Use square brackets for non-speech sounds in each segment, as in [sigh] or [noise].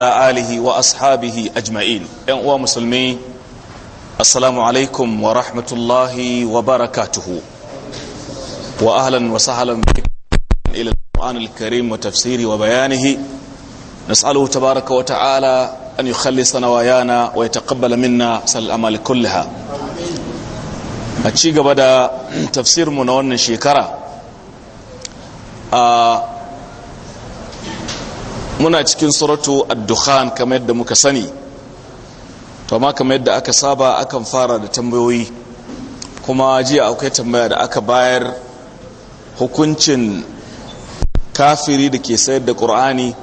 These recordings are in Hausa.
alihi wa ashabihi ajma'in yan uwa musulmi assalamu alaikum wa rahmatullahi wa barakatuhu wa ahlan wa sahlan ila al-qur'an al-karim wa tafsiri wa bayanihi nas'aluhu tabaraka wa ta'ala an yukhallisana wa yana wa yataqabbala minna sal amal kullaha a ci gaba da tafsir mu na wannan shekara a muna cikin suratu ad-dukhan kamar yadda muka sani to amma kamar yadda aka saba akan fara da tambayoyi kuma jiya akwai tambaya da aka bayar hukuncin kafiri da ke sayar da ƙur'ani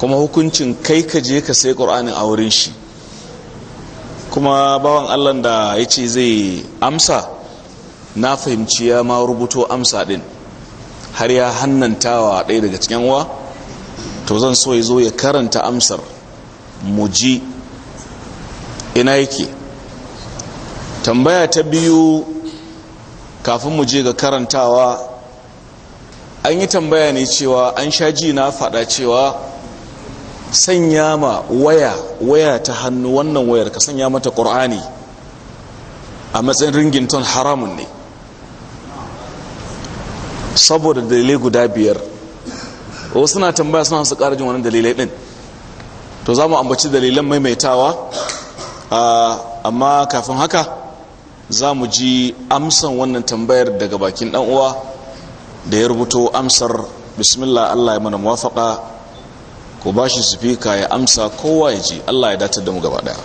kuma hukuncin kai ka je ka sayi ƙur'anin a wurin shi kuma bawan allah da ya ce zai amsa na fahimci ya ma rubuto amsa din har ya hannantawa ɗaya daga cikin wa to zan so ya zo ya karanta amsar mu ji ina yake tambaya ta biyu kafin mu je ga karantawa an yi tambaya ne cewa an sha ji na faɗa cewa sanya ma waya waya ta hannu wannan wayar ka sanya mata ƙur'ani a matsayin ringington haramun ne saboda dalilai guda biyar to wasu na tambaya suna su karajin wani dalilai din to za mu ambaci dalilan maimaitawa amma kafin haka za mu ji amsan wannan tambayar daga bakin dan uwa da ya rubuto amsar bismillah Allah ya mana muwafaka ko ba shi sufika ya amsa kowa ya ji Allah ya datar da mu gaba daya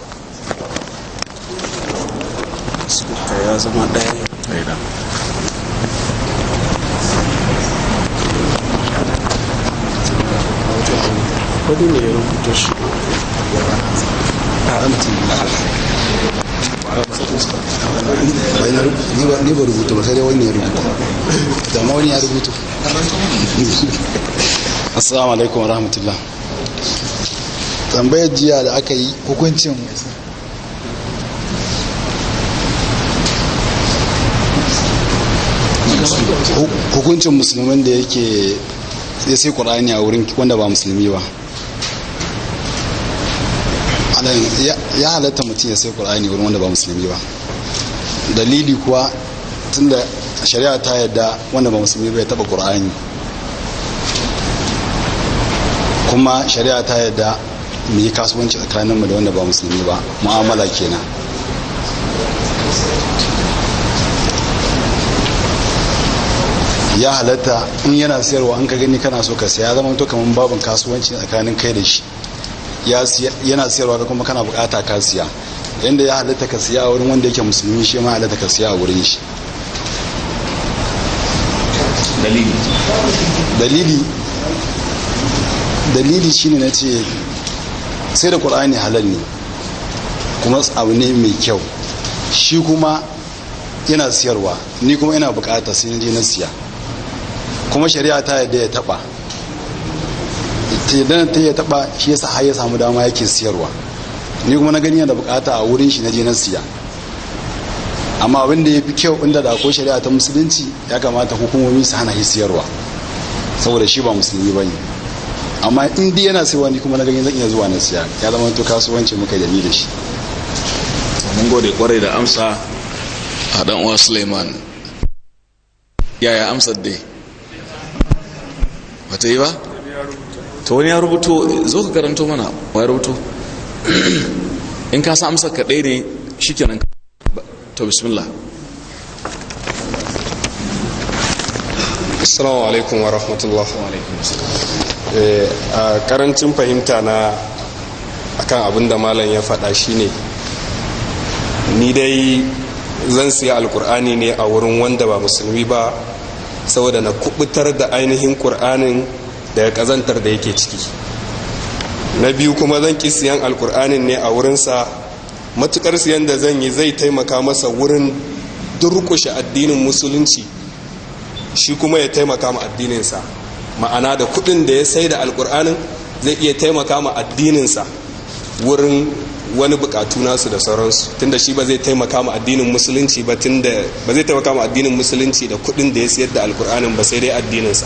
daya wani ne ya rubuta shi ni ba rubuta ba sai dai wani ya rubuta da ma wani ya rubuta assalamu alaikum wa rahmatullah tambayar jiya da aka yi hukuncin hukuncin musulman da yake sai sai ƙura'ani a wurin wanda ba musulmi ba anan ya halatta mutum ya sai qur'ani wurin wanda ba musulmi ba dalili kuwa tunda shari'a ta yadda wanda ba musulmi ba ya taba qur'ani kuma shari'a ta yadda mu yi kasuwanci tsakaninmu da wanda ba musulmi ba mu'amala kenan ya halatta in yana sayarwa an ka gani kana so ka saya zama to kamar babin kasuwanci tsakanin kai da shi yana siyarwa ka kuma kana bukata ka siya inda ya halitta ka siya a wurin wanda yake musulmi shi ma halitta ka siya a wurin shi dalili dalili dalili ne na ce sai da ƙur'ani halal ne kuma abu ne mai kyau shi kuma yana siyarwa ni kuma ina bukata sai na je na siya kuma shari'a ta yadda ya taba shaidan ta ya taba shi yasa har ya samu dama yake siyarwa ni kuma na gani yana bukata a wurin shi na je na siya amma abin da ya fi kyau inda da ko shari'a ta musulunci ya kamata hukumomi su hana shi siyarwa saboda shi ba musulmi ba ne amma in dai yana siyarwa ni kuma na gani zan iya zuwa na siya ya zama to kasuwanci muka da ni da shi mun gode kwarai da amsa a dan uwa suleiman yaya amsar dai ta yi ba to wani ya rubuto zo ka karanto mana wa ya rubuto in ka sa amsa kaɗai ne shikenan to bismillah assalamu alaikum wa rahmatullah eh, a karancin fahimta na akan abin da malam ya faɗa shine ni dai zan siya alkur'ani ne a wurin wanda ba musulmi ba saboda na kubutar da ainihin kur'anin daga kazantar da yake ciki na biyu kuma zan ki siyan alkur'anin ne a wurinsa matukar siyan da zan yi zai taimaka masa wurin durkushe addinin musulunci shi kuma ya taimaka ma addininsa ma'ana da kudin da ya sai da alkur'anin zai iya taimaka ma addininsa wurin wani bukatu nasu da sauransu tunda shi ba zai taimaka ma addinin musulunci ba tunda ba zai taimaka ma addinin musulunci da kudin da ya sayar da alkur'anin ba sai dai addininsa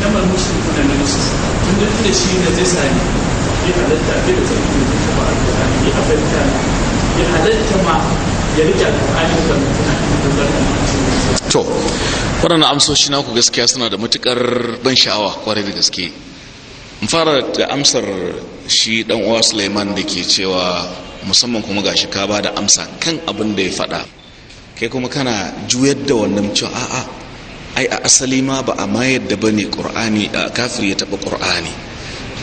na marmushi kuna na musu tun da tun da shi na zai sani ya halatta bai da zai kuma da kuma alƙur'ani ya afirka ya halatta ma ya rike alƙur'ani da mutuna da zarta to waɗannan amsoshi naku gaskiya suna da matuƙar ban sha'awa kwarai da gaske in fara da amsar shi dan uwa suleiman da ke cewa musamman kuma gashi ka ba da amsa kan abin da ya faɗa kai kuma kana juyar da wannan cewa a'a ai a asali ma ba a mayar da bane qur'ani kafir ya taba qur'ani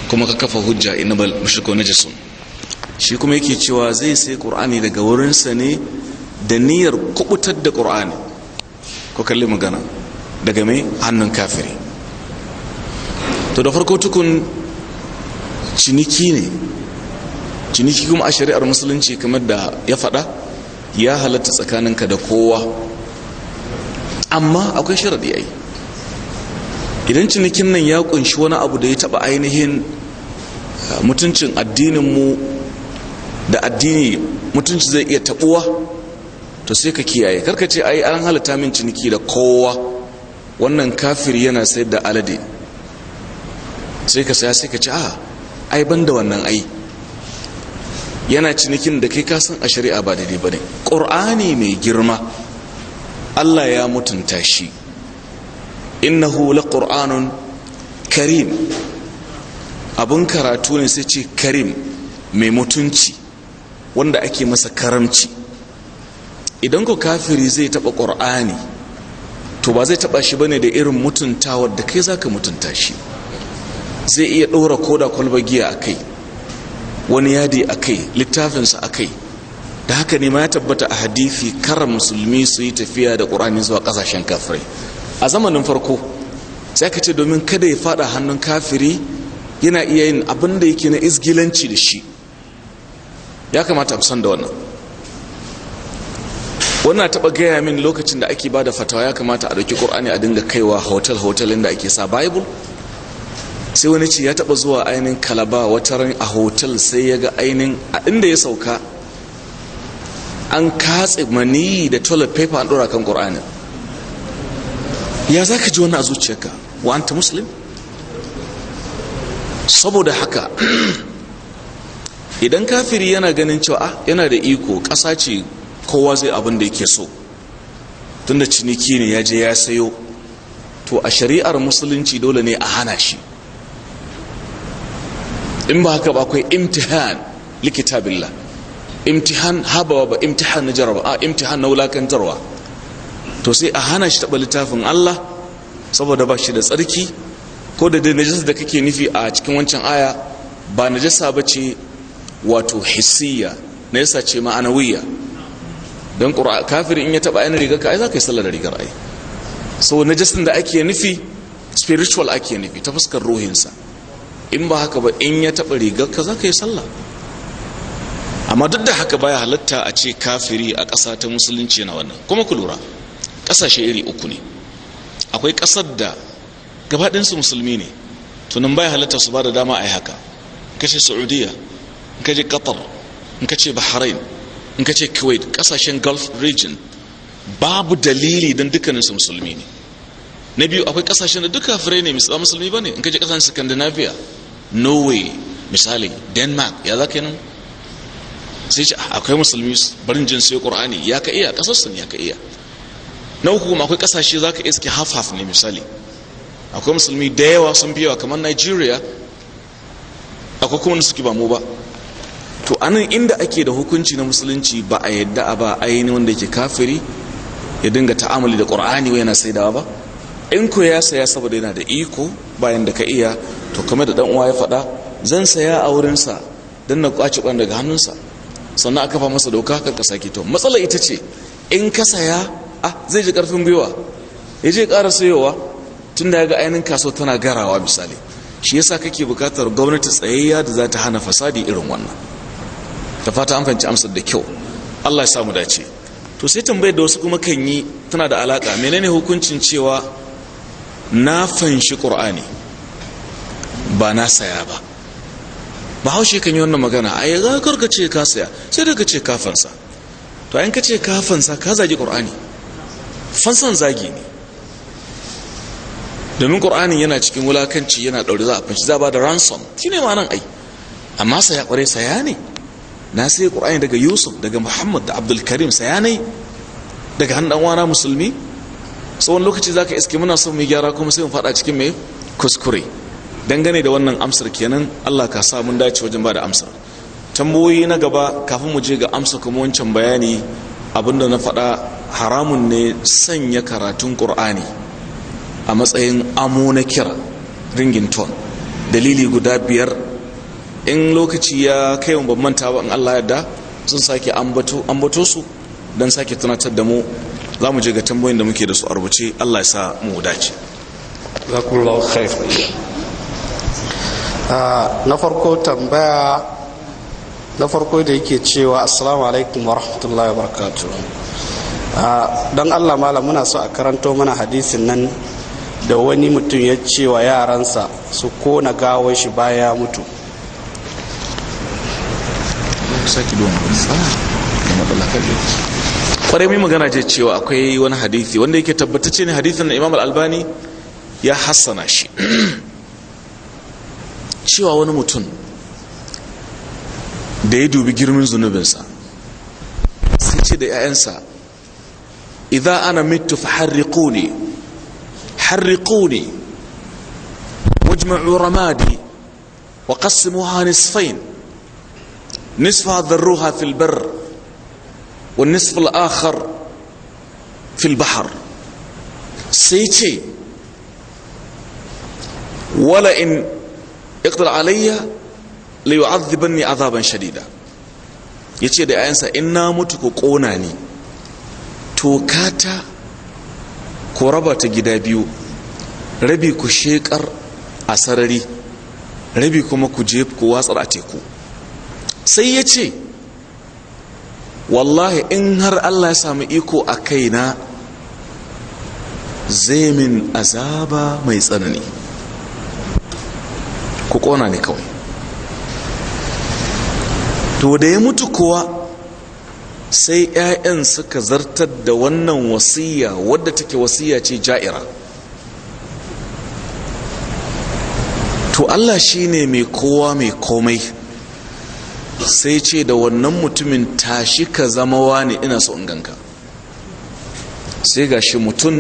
kuma ka kafa hujja innamal mushriku najasun shi kuma yake cewa zai sai qur'ani daga wurinsa ne da niyyar kubutar da qur'ani ko kalli magana daga mai hannun kafiri to da farko tukun ciniki ne ciniki kuma a shari'ar musulunci kamar da ya faɗa ya halatta tsakaninka da kowa amma akwai sharaɗi ai idan cinikin nan ya kunshi wani abu da ya taba ainihin ah, mutuncin addininmu da addini mutunci zai iya tabuwa to sai ka kiyaye karka ce ai an halatta min ciniki da kowa wannan kafir yana sayar da alade sai ka saya sai ka ce a ah, ai ban da wannan ai yana cinikin da kai kasan a shari'a ba daidai ba ne ƙur'ani mai girma Allah ya mutunta shi innahu laqur'anun karim abun karatu ne sai ce karim mai mutunci wanda ake masa karamci idan ku kafiri zai taba qur'ani to ba zai taba shi bane da irin mutuntawa da kai zaka mutunta shi zai iya ɗora koda kwalba giya a wani yadi akai kai littafinsa akai da haka ne ma ya tabbata a hadithi kara musulmi su yi tafiya da ƙur'ani zuwa ƙasashen kafirai a zamanin farko sai ka ce domin kada ya fada hannun kafiri yana iya yin abin da yake na izgilanci da shi ya kamata a san da wannan wannan taɓa gaya min lokacin da ake bada fatawa ya kamata a ɗauki ƙur'ani a dinga kaiwa hotel hotel da ake sa bible sai wani ce ya taɓa zuwa ainihin kalaba wata ran a hotel sai ya ga ainihin a inda ya sauka an katse mani da toilet paper an ɗora kan ƙur'ani. ya za ka ji wani a zuciyarka wa anta muslim saboda haka idan kafiri yana ganin cewa ah, yana da iko ƙasa ce kowa zai abin da yake so tunda ciniki ne ya je ya sayo to a shari'ar musulunci dole ne a hana shi in ba haka ba akwai imtihan likita billah imtihan habawa ba imtihan na jaraba a imtihan na wulakantarwa to sai a hana shi taɓa littafin Allah saboda ba shi da tsarki ko da najasa da kake nufi a cikin wancan aya ba najasa ba ce wato hissiya najasa ce ma'anawiyya don kafiri in ya taɓa yana rigar ka ai za ka yi sallar da rigar ai so najasin da ake nufi spiritual ake nufi ta fuskar ruhinsa in ba haka ba in ya taɓa rigar ka za ka yi sallah amma duk da haka baya halatta a ce kafiri a ƙasa ta musulunci na wannan kuma ku lura ƙasashe iri uku ne akwai ƙasar da gabaɗinsu musulmi ne tunan baya halatta su ba da dama a yi haka in ka ce saudiya in ka je qatar in ka ce bahrain in ka ce kuwait ƙasashen gulf region babu dalili don dukkaninsu musulmi ne na biyu akwai ƙasashen da duk kafirai ne musulmi ba ne in ka je ƙasashen scandinavia norway misali denmark ya za ka yi nan sai ce ah, akwai musulmi barin jin sai qur'ani ya ka iya kasar sun ya ka iya na uku kuma akwai kasashe zaka iske half half ne misali akwai musulmi da yawa sun fi yawa kamar Nigeria akwai kuma suke ba mu ba to anan inda ake da hukunci na musulunci ba a yadda a ba ainihin wanda yake kafiri ya dinga ta'amali da qur'ani wai yana saidawa ba in ko ya saya saboda yana da iko bayan da ka iya to kamar da dan uwa ya faɗa zan saya a wurinsa don na kwaci kwan daga hannunsa sannan aka fa masa doka kan ka sake to matsala ita ce in ka saya a ah, zai ji karfin gwiwa ya je ƙara sayowa tun da ya ga ainihin kaso tana garawa misali shi yasa kake bukatar gwamnati tsayayya da za ta hana fasadi irin wannan ta fata an fahimci amsar da kyau Allah ya samu dace to sai tambayar da wasu kuma kan yi tana da alaƙa menene hukuncin cewa na fanshi Kur'ani? ba na saya ba bahaushe kan yi wannan magana a yi zakar ka ce ka saya sai da ka ce kafansa to ayin ka ce kafansa ka zagi ƙur'ani fansan zagi ne domin ƙur'anin yana cikin wulakanci yana ɗauri za a fanci za ba da ransom shi ne ma'anan ai amma saya ƙware saya ne na sai ƙur'ani daga yusuf daga muhammad da abdul karim saya ne daga hannun wana musulmi tsawon lokaci za ka iske muna son mai gyara kuma sai mu faɗa cikin mai kuskure dangane da wannan amsar kenan Allah ka sa mun dace wajen ba da amsar tambayoyi na gaba kafin mu je ga amsa kuma wancan bayani abinda na faɗa haramun ne sanya karatun ƙur'ani a matsayin amo na kira dalili guda biyar in lokaci ya kai ban manta ba in Allah yadda sun sake ambato su don sake tunatar da mu za mu je ga tambayoyin da muke da su a rubuce Allah ya sa mu dace zakullahu Ah, na farko tambaya na farko da yake cewa assalamu alaikum wa rahmatullahi wa barakatu ah, don allah malam muna so a karanto mana hadisin nan da wani mutum ya ce wa yaransa su kona gawon shi baya mutu kwarai mai magana ce cewa akwai wani hadithi wanda yake tabbatacce ne hadithin na imam al-albani ya hassana shi [clears throat] cewa wani mutum da ya dubi girmin zunubinsa sai ce da 'ya'yansa idza ana mitu fa harriquni harriquni wajma'u ramadi wa qassimuha nisfain nisfa dharruha fil barr wa nisfa al akhar fil bahr sai ce wala in iqtar alayya la yu'adhibanni azaban shadida yace da yayansa in na mutu ku kona ni to kata ku raba ta gida biyu rabi ku shekar a sarari rabi kuma ku je ku watsar a teku sai ya ce wallahi in har Allah ya samu iko a kaina zai min azaba mai tsanani ku kona ne kawai to da ya mutu kowa sai 'ya'yan suka zartar da wannan wasiya wadda take wasiya ce ja'ira to Allah shi ne mai kowa mai komai sai ce da wannan mutumin tashi ka zama wani ina so in ganka sai ga shi mutum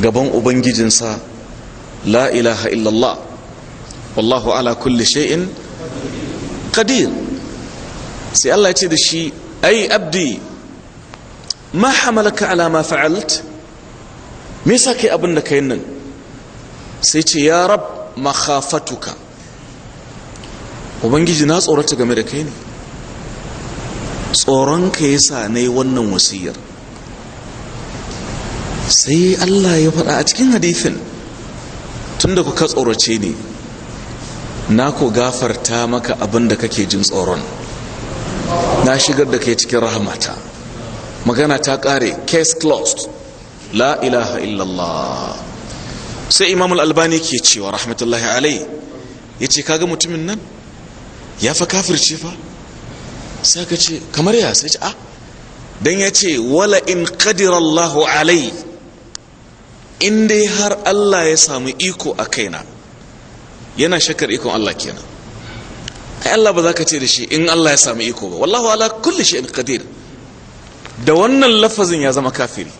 gaban ubangijinsa la ilaha illallah wallahu ala kulli shay'in qadir sai Allah ya ce da shi ai abdi ma hamalaka ala ma fa'alt me yasa abin da kai nan sai ce ya rab makhafatuka ubangiji na tsorata game da kai ne tsoronka yasa nayi wannan wasiyar sai Allah ya faɗa a cikin hadithin tunda ku ka tsorace ni na ko gafarta maka abin da kake jin tsoron na shigar da ke cikin rahamata magana ta kare case closed la ilaha illallah sai imam al-albani ke cewa rahmatullahi alai ya ce kaga mutumin nan ya fa kafirce fa sai ka ce kamar ya sai ce a ah. don ya ce wala in qadirallahu alai in har Allah ya samu iko a kaina yana shakar ikon Allah kenan ai Allah ba za ka ce da shi in Allah ya samu iko ba wallahu ala kulli shay'in qadir da wannan lafazin ya zama kafiri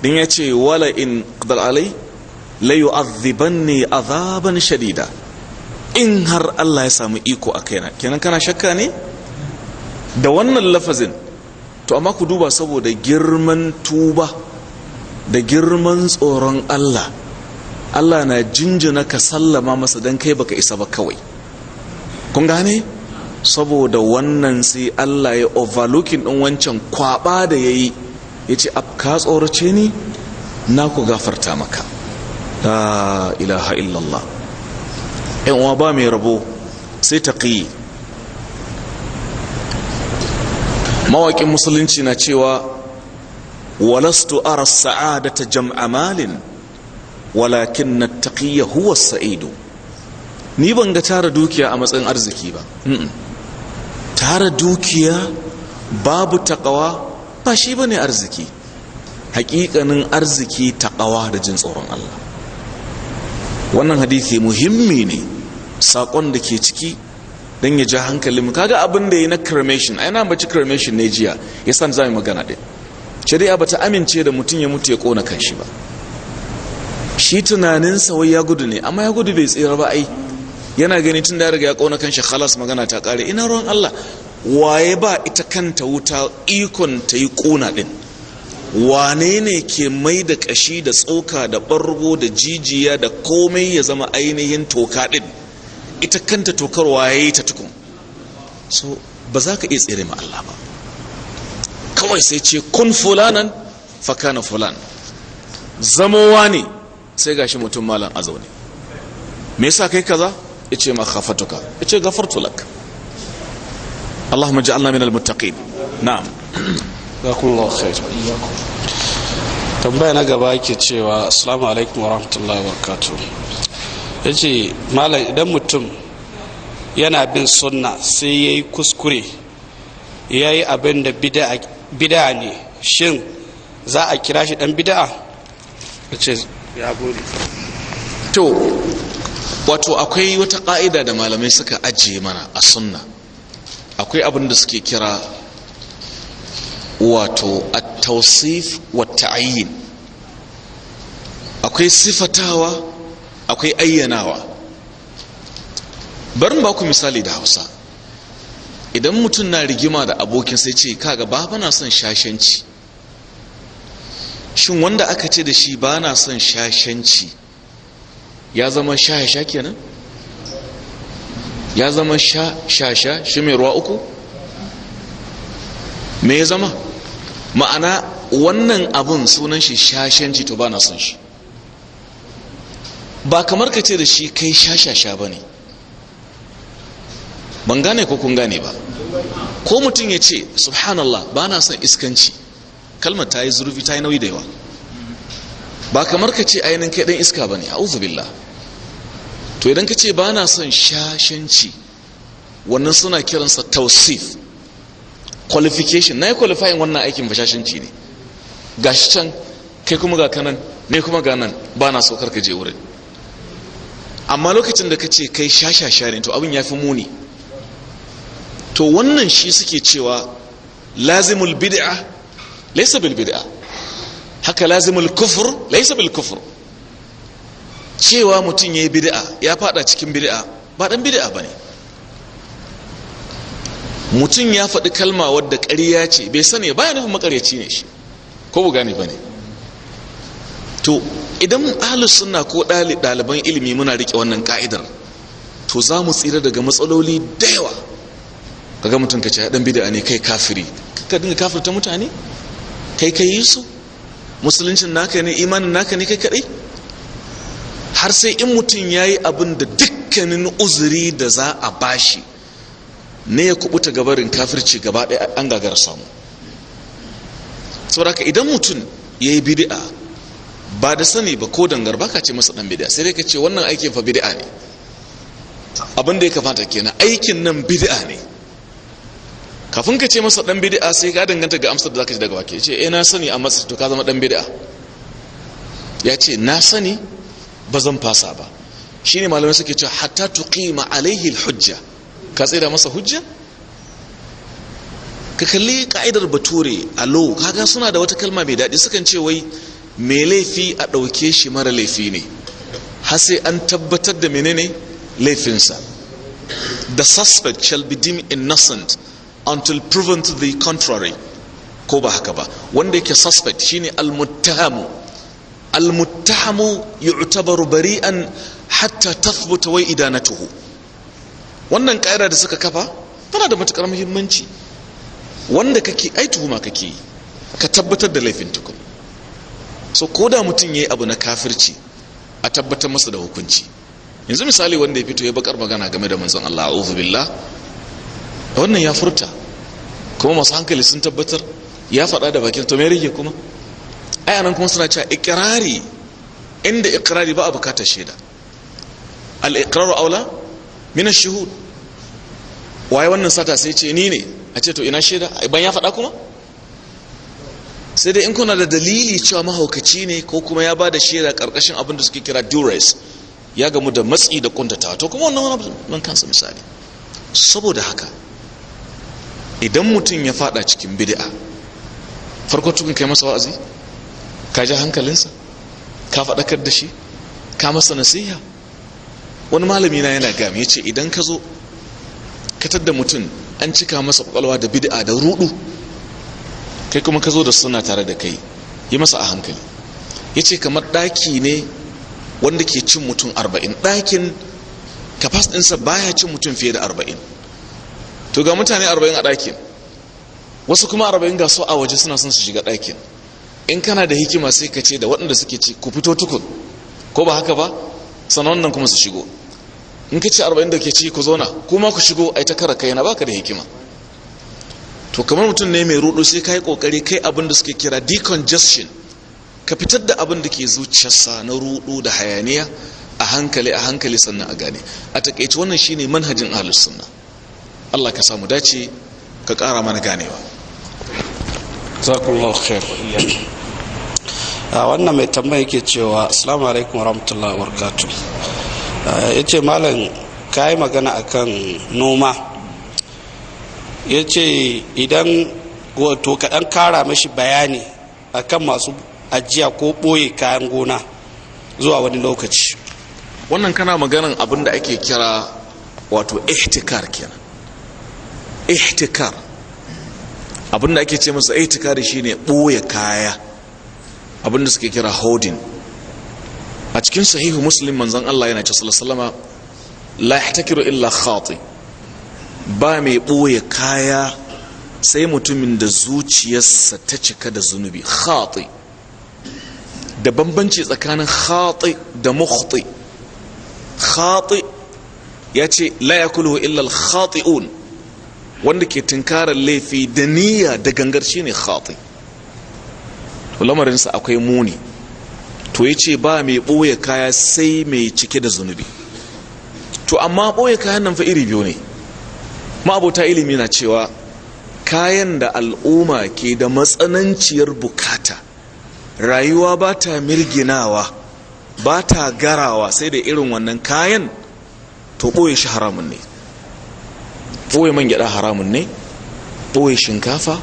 din ya ce wala in qadar alai la yu'adhibanni azaban shadida in har Allah ya samu iko a kaina kenan kana shakka ne da wannan lafazin to amma ku duba saboda girman tuba da girman tsoron Allah Allah na jinjina ka sallama masa don kai baka isa ba kawai kun gane saboda wannan sai Allah ya overlooking din wancan kwaba da yayi ce ka tsorace ni na ku gafarta maka la ilaha illallah yan uwa ba mai rabo sai ta taqi mawaƙin musulunci na cewa walastu ara sa'adata jam'a malin walakin na taƙiyya huwa sa'idu ni ban ga tara dukiya a matsayin arziki ba tara dukiya babu taƙawa ba shi ba ne arziki Haƙiƙanin arziki taƙawa da jin tsoron Allah wannan hadithi muhimmi ne saƙon da ke ciki don ya ja hankalin kaga abin da ya na cremation a yana baci cremation ne jiya ya san za magana ɗin shari'a ba ta amince da mutum ya mutu ya ƙona shi ba shi tunaninsa wai ya gudu ne amma ya gudu bai tsira ba ai yana gani tun da riga ya kauna kanshi khalas magana ta kare ina ruwan Allah waye ba ita kanta wuta ikon ta yi kuna din wane ne ke mai da kashi da tsoka da bargo da jijiya da komai ya zama ainihin toka din ita kanta tokar waye ta tukun so ba za ka iya tsere ma Allah ba kawai sai ce kun fulanan fakana fulan zamowa ne sai gashi mutum malam a zaune me yasa kai kaza yace ma khafatuka yace ghafartu lak Allahumma ij'alna minal muttaqin na'am jazakumullahu khair tambaya na gaba yake cewa assalamu alaikum wa rahmatullahi wa barakatuh yace malam idan mutum yana bin sunna sai yayi kuskure yayi abin da bid'a ne shin za a kira shi dan bid'a yace ya gode to wato akwai wata ƙa'ida da malamai suka ajiye mana a sunna akwai abin da suke kira wato a tausif wa akwai sifatawa akwai ayyanawa barin ba ku misali da hausa idan mutum na rigima da abokin sai ce kaga ba na son shashanci shin wanda aka ce da shi ba na son shashanci ya zama shahasha kenan ya zama shasha shi mai ruwa uku me ya zama ma'ana wannan abin sunan shi shashanci to ba na son shi ba kamar ka ce da shi kai shashasha ba ne ban gane ko kun gane ba ko mutum ya ce subhanallah ba na son iskanci kalmar ta yi zurfi ta yi nauyi da yawa ba kamar ka ce ainihin kai ɗan iska ba ne a uzubillah to idan ka ce ba na son shashanci wannan suna kiransa tausif qualification na yi qualifying wannan aikin ba shashanci ne ga shi can kai kuma ga kanan ne kuma ga nan ba na saukar ka je wurin amma lokacin da ka ce kai shashasha ne to abin ya fi muni to wannan shi suke cewa lazimul bid'a laysa bil bid'a haka lazimul kufur laysa bil kufur cewa mutum yayi bid'a ya fada cikin bid'a ba dan bid'a bane mutum ya faɗi kalma wadda ƙarya ce bai sani ba ya nufin makaryaci ne shi ko bu ba ne to idan ahlus sunna ko ɗaliban ilimi muna riƙe wannan ka'idar to za mu tsira daga matsaloli da yawa kaga mutum ka ce dan bid'a ne kai kafiri ka dinga kafirta mutane kai ka yi su musuluncin naka ne imanin naka ne kai kaɗai har sai in mutum ya yi abin da dukkanin uzuri da za a bashi ne ya kubuta gabarin kafirci gaba ɗaya an gagara samu saboda idan mutum ya yi bid'a ba da sani ba ko dangar ba ka ce masa ɗan bid'a sai dai ka ce wannan aikin fa bid'a ne abin da ya kamata kenan aikin nan bid'a ne kafin ka ce masa dan bid'a sai ka danganta ga amsar da zaka ji daga wake ce eh na sani amma to ka zama dan bid'a Yace na sani ba zan fasa ba shine malamai suke cewa hatta tuqima alaihi alhujja ka tsira masa hujja ka kalli ka'idar bature allo kaga suna da wata kalma mai daɗi sukan ce wai mai laifi a ɗauke shi mara laifi ne har sai an tabbatar da menene laifinsa the suspect shall be deemed innocent until proven to the contrary ko ba haka ba wanda yake suspect shine almuttahamu muttahamu yu'tabaru bari'an hatta tathbuta wai idanatuhu wannan kaira da suka kafa tana da matukar muhimmanci wanda kake ai ma kake yi ka tabbatar da laifin tukun so ko da mutum yayi abu na kafirci a tabbatar masa da hukunci yanzu misali wanda ya fito ya bakar magana game da manzon Allah a'udhu billah wannan ya furta kuma masu hankali sun tabbatar ya faɗa da bakin to me rage kuma ai anan kuma suna cewa ikirari inda ikirari ba a bukatar shaida al-iqraru aula min ash-shuhud waye wannan sata sai ce ni ne a ce to ina shaida ban ya faɗa kuma sai dai in kuna da dalili cewa mahaukaci ne ko kuma ya ba da shaida karkashin abin da suke kira duress ya gamu da matsi da kuntata to kuma wannan wani kansa misali saboda haka idan mutum ya fada cikin bid'a farko tukun kai masa wa'azi ka ji hankalinsa ka fadakar da shi ka masa nasiha wani malami na yana gami ya ce idan ka zo katar da mutum an cika masa kwakwalwa da bid'a da rudu kai kuma ka zo da suna tare da kai yi masa a hankali ya ce kamar ɗaki ne wanda ke cin mutum arba'in ɗakin kafas ɗinsa baya cin mutum fiye da arba'in to ga mutane arba'in a ɗakin wasu kuma arba'in ga so a waje suna son su shiga ɗakin in kana da hikima sai ka ce da waɗanda suke ci ku fito tukun ko ba haka ba sannan wannan kuma su shigo in ka ce arba'in da ke ci ku zauna kuma ku shigo a ta kara kaina baka da hikima to kamar mutum ne mai rudo sai ka yi kokari kai abin da suke kira decongestion ka fitar da abin da ke zuciyarsa na rudo da hayaniya a hankali a hankali sannan a gane a takaici wannan shine manhajin ahlus sunna Allah ka samu dace ka ƙara mana ganewa zakullahu khair a wannan mai tambaya yake cewa assalamu alaikum warahmatullahi wabarakatuh ya ce malam ka yi magana akan noma ya ce idan wato kaɗan kara mashi bayani akan masu ajiya ko ɓoye kayan gona zuwa wani lokaci wannan kana maganin abin da ake kira wato ihtikar kenan ihtikar abinda ake ce masa ihtikar shine boye kaya abinda suke kira holding a cikin sahihu muslim manzon Allah yana ce sallallahu la ihtakiru illa khati ba mai boye kaya sai mutumin da zuciyarsa ta cika da zunubi khati da bambanci tsakanin khati da mukhti khati ya ce la yakulu illa al-khati'un wanda ke tunkarar laifi da niyya da gangar shine khati lamarinsa akwai muni to ya ce ba mai ɓoye kaya sai mai cike da zunubi to amma ɓoye kayan nan fa iri biyu ne ma'abota ilimi na cewa kayan da al'umma ke da matsananciyar bukata rayuwa ba ta mirginawa ba ta garawa sai da irin wannan kayan to ɓoye shi haramun ne ɓoye man gyaɗa haramun ne ɓoye shinkafa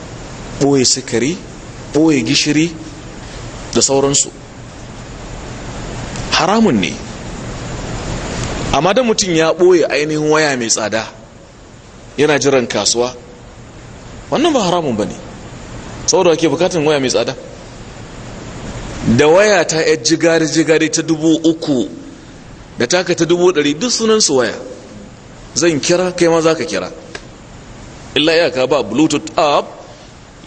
ɓoye sikari ɓoye gishiri da sauransu haramun ne amma da mutum ya ɓoye ainihin waya mai tsada yana jiran kasuwa wannan ba haramun ba ne saboda ke bukatun waya mai tsada da waya ta yar jigari-jigari ta dubu uku da taka ta dubu ɗari duk sunansu waya zan kira kai ma za ka kira illa iyaka ba bluetooth app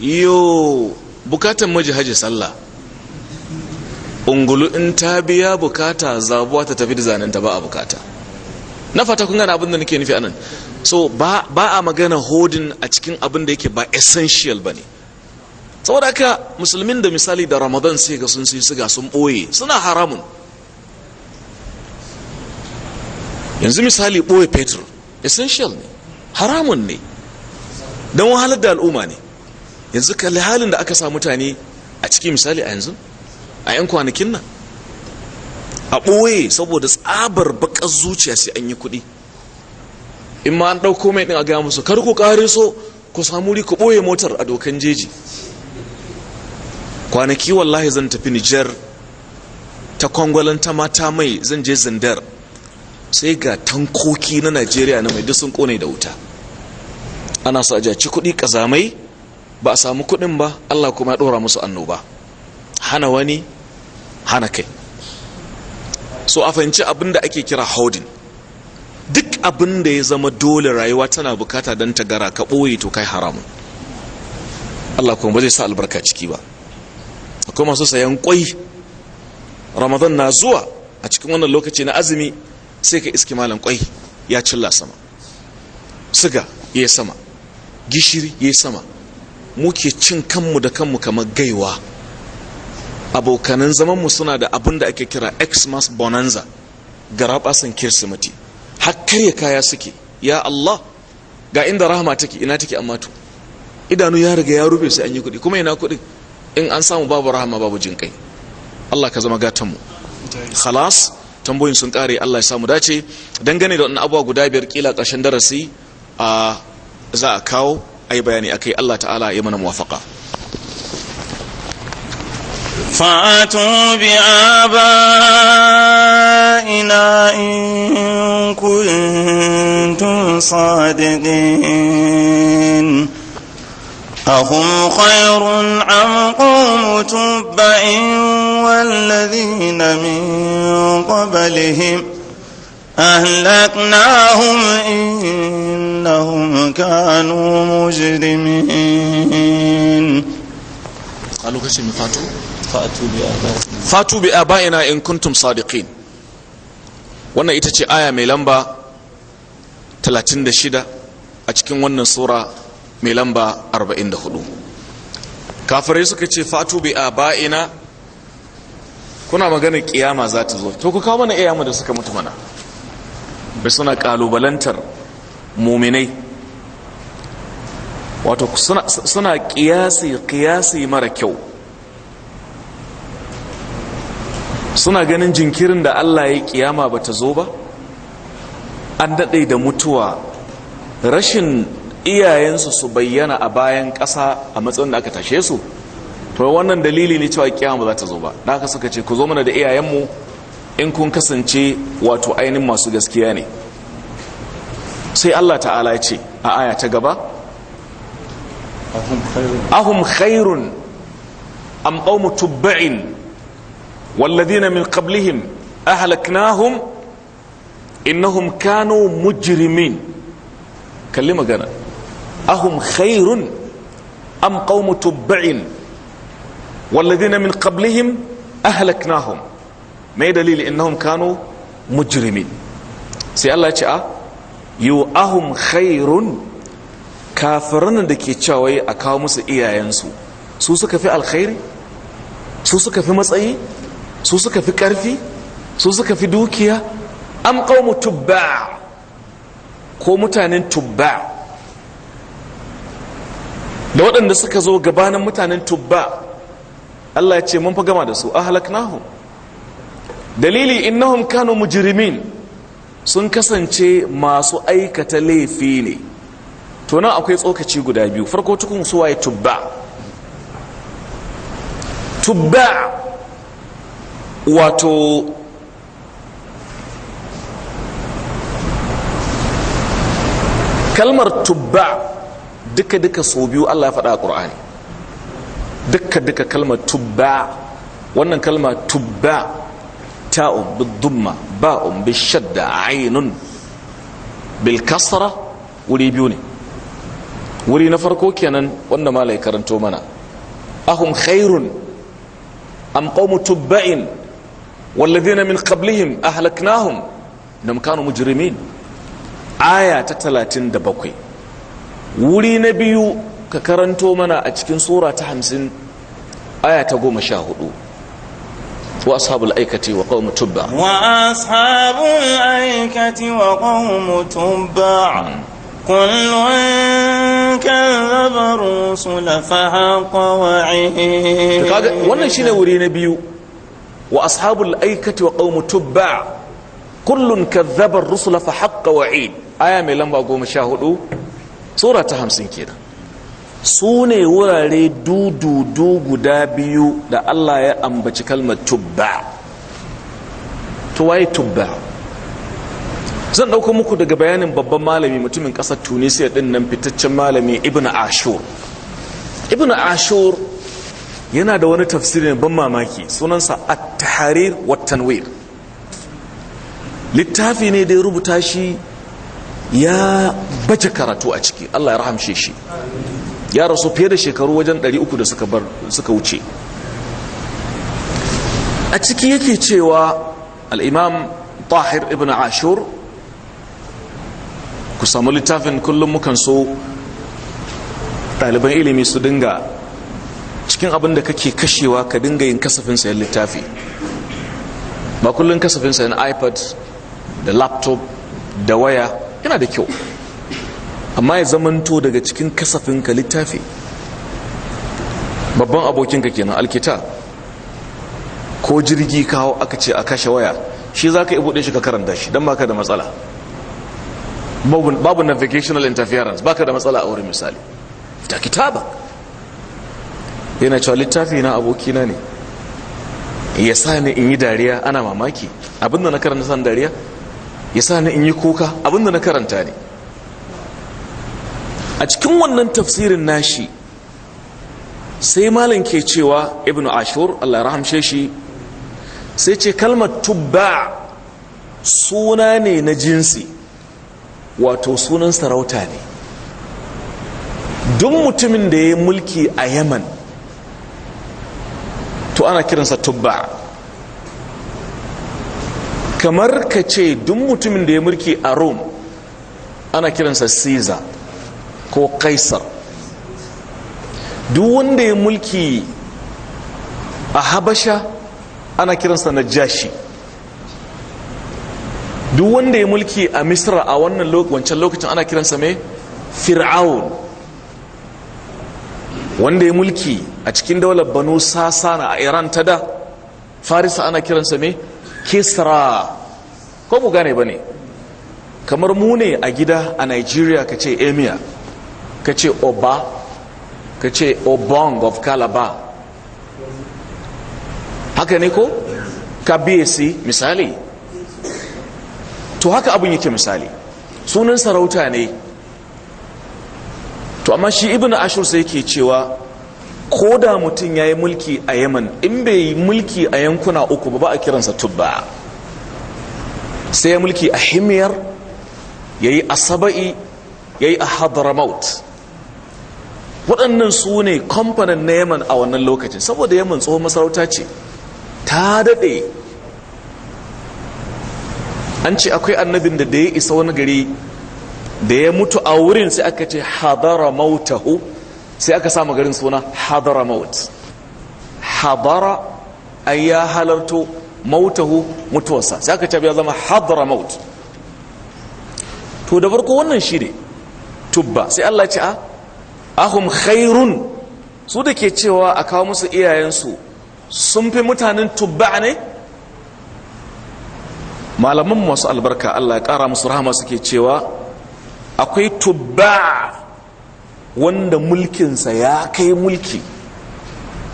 yo bukatan maji haji sallah ungulu in ta biya bukata zabuwa ta tafi da zanenta ba a bukata na fata kun gane abin da nake nufi anan so ba a magana hodin a cikin abin da yake ba essential ba ne saboda haka musulmin da misali da ramadan sai ga sun sai siga sun ɓoye suna haramun yanzu misali ɓoye petrol essential ne haramun ne don wahalar da al'umma ne yanzu kalli halin da aka sa mutane a cikin misali a yanzu a 'yan kwanakin nan a ɓoye saboda tsabar bakar zuciya sai an yi kuɗi in ma an ɗauko mai ɗin a gaya musu kar ku ƙare so ku samu ri ku ɓoye motar a dokan jeji kwanaki wallahi zan tafi nijar ta kwangwalan ta mata mai zan je Zandar sai ga tankoki na najeriya na mai duk sun ƙone da wuta ana su ajaci kuɗi ƙazamai ba a samu kuɗin ba Allah kuma ya ɗora musu annoba hana wani hana kai so a fahimci abin da ake kira holding duk abin da ya zama dole rayuwa tana bukata don ta gara ka ɓoye to kai haramun Allah kuma ba zai sa albarka ciki ba akwai masu sayan kwai ramadan na zuwa a cikin wannan lokaci na azumi sai ka iski malam ƙwai. ya cilla sama siga ya sama gishiri ya yi sama muke cin kanmu da kanmu kamar gaiwa abokanan mu suna da abin da ake kira xmas bonanza rabasan kirsimati har karya kaya suke ya allah ga inda rahama take ina take amma to idanu ya riga ya rufe sai an yi kuɗi kuma ina kuɗi in an samu babu rahama babu jin kai allah ka zama gatanmu khalas tambayoyin sun kare allah ya samu dace dangane da wannan abubuwa guda biyar kila ƙarshen darasi a za a kawo ai bayani akai Allah ta'ala ya mana muwafaqa فأتوا بآبائنا إن كنتم صادقين أهم خير أم قوم تبع والذين من قبلهم ۖ أهلكناهم إنهم كانوا مجرمين قالوا كشم فاتوا فاتوا بآبائنا فاتوا بآبائنا إن كنتم صادقين وانا إتتي آية ميلمبا 36 أتكين وانا سورة ميلمبا 44 kafirai suka ce fatu bi aba'ina kuna magana kiyama za ta zo to ku kawo mana iyamu da suka mutu mana ba suna kalubalantar muminai wato suna kiyasi kiyasi mara kyau suna ganin jinkirin da allah ya kiyama ba ta zo ba an daɗe da mutuwa rashin iyayensu su bayyana a bayan ƙasa a matsayin da aka tashe su to wannan dalili ne cewa kiyama ba ta zo ba da haka suka ce ku zo mana da iyayenmu in kun kasance wato ainihin masu gaskiya ne sai Allah ta'ala ya ce a aya ta gaba ahum khairun am qaumu tubba'in walladhina min qablihim ahlaknahum innahum kanu mujrimin kalli magana ahum khairun am qaumu tubba'in والذين من قبلهم أهلكناهم mai dalili innahum kanu mujrimin sai Allah ya ce a ah, yu'ahum khairun kafirin da ke cewa a kawo musu iyayensu su suka fi alkhairi su suka fi matsayi su suka fi karfi su suka fi dukiya am qaumu tubba ko mutanen tubba da waɗanda suka zo gabanin mutanen tubba Allah ya ce mun fa gama da su ahlaknahum dalili innahum kanu mujrimin sun kasance masu aikata laifi ne to nan akwai tsokaci guda biyu farko tukun su waye tubba tubba wato kalmar tubba duka-duka sau biyu Allah faɗa a ƙur'ani duka-duka kalmar tubba wannan kalmar tubba ita ta'un bidhumma ba'un bishadda aynun bilkasra wuri biyu ne wuri na farko kenan wanda malai karanto mana ahum khairun am qawmu tubba'in walladhina min qablihim ahlaknahum innahum kanu mujrimin aya ta talatin da bakwai wuri na biyu ka karanto mana a cikin sura ta 50 aya ta goma sha 14 وأصحاب الأيكة وقوم تبع وأصحاب الأيكة وقوم تبع كل كذب الرسل فحق وعيد wannan shine wuri na biyu wa ashabul aikati wa qaum tubba kullun kadhaba ar-rusula fa haqqa wa'id aya mai lamba 14 sura ta 50 kenan su ne wurare dududu guda biyu da Allah ya ambaci kalmar tubba tuwaye tubba zan ɗauka muku daga bayanin babban malami mutumin ƙasar tunisiya ɗin nan fitaccen malami ibn ashur ibn ashur yana da wani tafsirin ban mamaki sunansa at-tahrir wa tanwir littafi ne da ya rubuta shi ya baje karatu a ciki Allah ya rahamshe shi ya rasu fiye da shekaru wajen 300 da suka bar suka wuce a ciki yake cewa al-imam tahir ibn ashur ku samu littafin kullum mukan so ɗaliban ilimi su dinga cikin abin da kake kashewa ka dinga yin kasafin sayan littafi ba kullum kasafin sayan ipad da laptop da waya yana da kyau amma ya zamanto daga cikin kasafinka littafi babban abokinka kenan alkita ko jirgi kawo aka ce a kashe waya shi za ka ibuɗe shi ka karanta shi don baka da matsala babu navigational interference baka da matsala a wurin misali ta kitaba yana cewa littafi na abokina ne ya sa ni in yi dariya ana mamaki abinda na karanta san dariya ya sa ni in yi kuka abinda na karanta ne a cikin wannan tafsirin nashi sai malam ke cewa Ibn ashur Allah rahamshe shi sai ce kalmar tubba suna ne na jinsi wato sunan sarauta ne duk mutumin da ya yi mulki a yaman to ana kiransa tubba kamar ka ce duk mutumin da ya yi mulki a rome ana kiransa caesar ko kaisar duk wanda ya mulki a habasha ana kiransa na jashi duk wanda ya mulki a misra a wannan wancan lokacin ana kiransa mai fir'aun wanda ya mulki a cikin daular banu sasana a iran ta da farisa ana kiransa mai kisra ko mu gane ba ne kamar mu ne a gida a nigeria ka ce emir ka ce oba ka ce obong of calabar haka ne ko ka si misali to haka abin yake misali sunan sarauta ne to amma shi ibn ashur sai ke cewa ko da mutum ya yi mulki a yaman in bai yi mulki a yankuna uku ba ba a kiransa tubba sai ya mulki a himiyar ya yi a saba'i ya yi a hadramaut waɗannan su ne kamfanin na yaman a wannan lokacin saboda yaman tsohon masarauta ce ta daɗe an ce akwai annabin da da ya isa wani gari da ya mutu a wurin sai aka ce hadara mautahu sai aka samu garin suna hadara maut hadara an ya halarto mautahu mutuwarsa sai aka ce ya zama hadara maut to da farko wannan shi ne tubba sai Allah ce a ah, ahum khairun su da ke cewa a kawo musu iyayensu sun fi mutanen tubba ne malaman masu albarka allah ya kara musu rahama suke cewa akwai tubba wanda mulkinsa ya kai mulki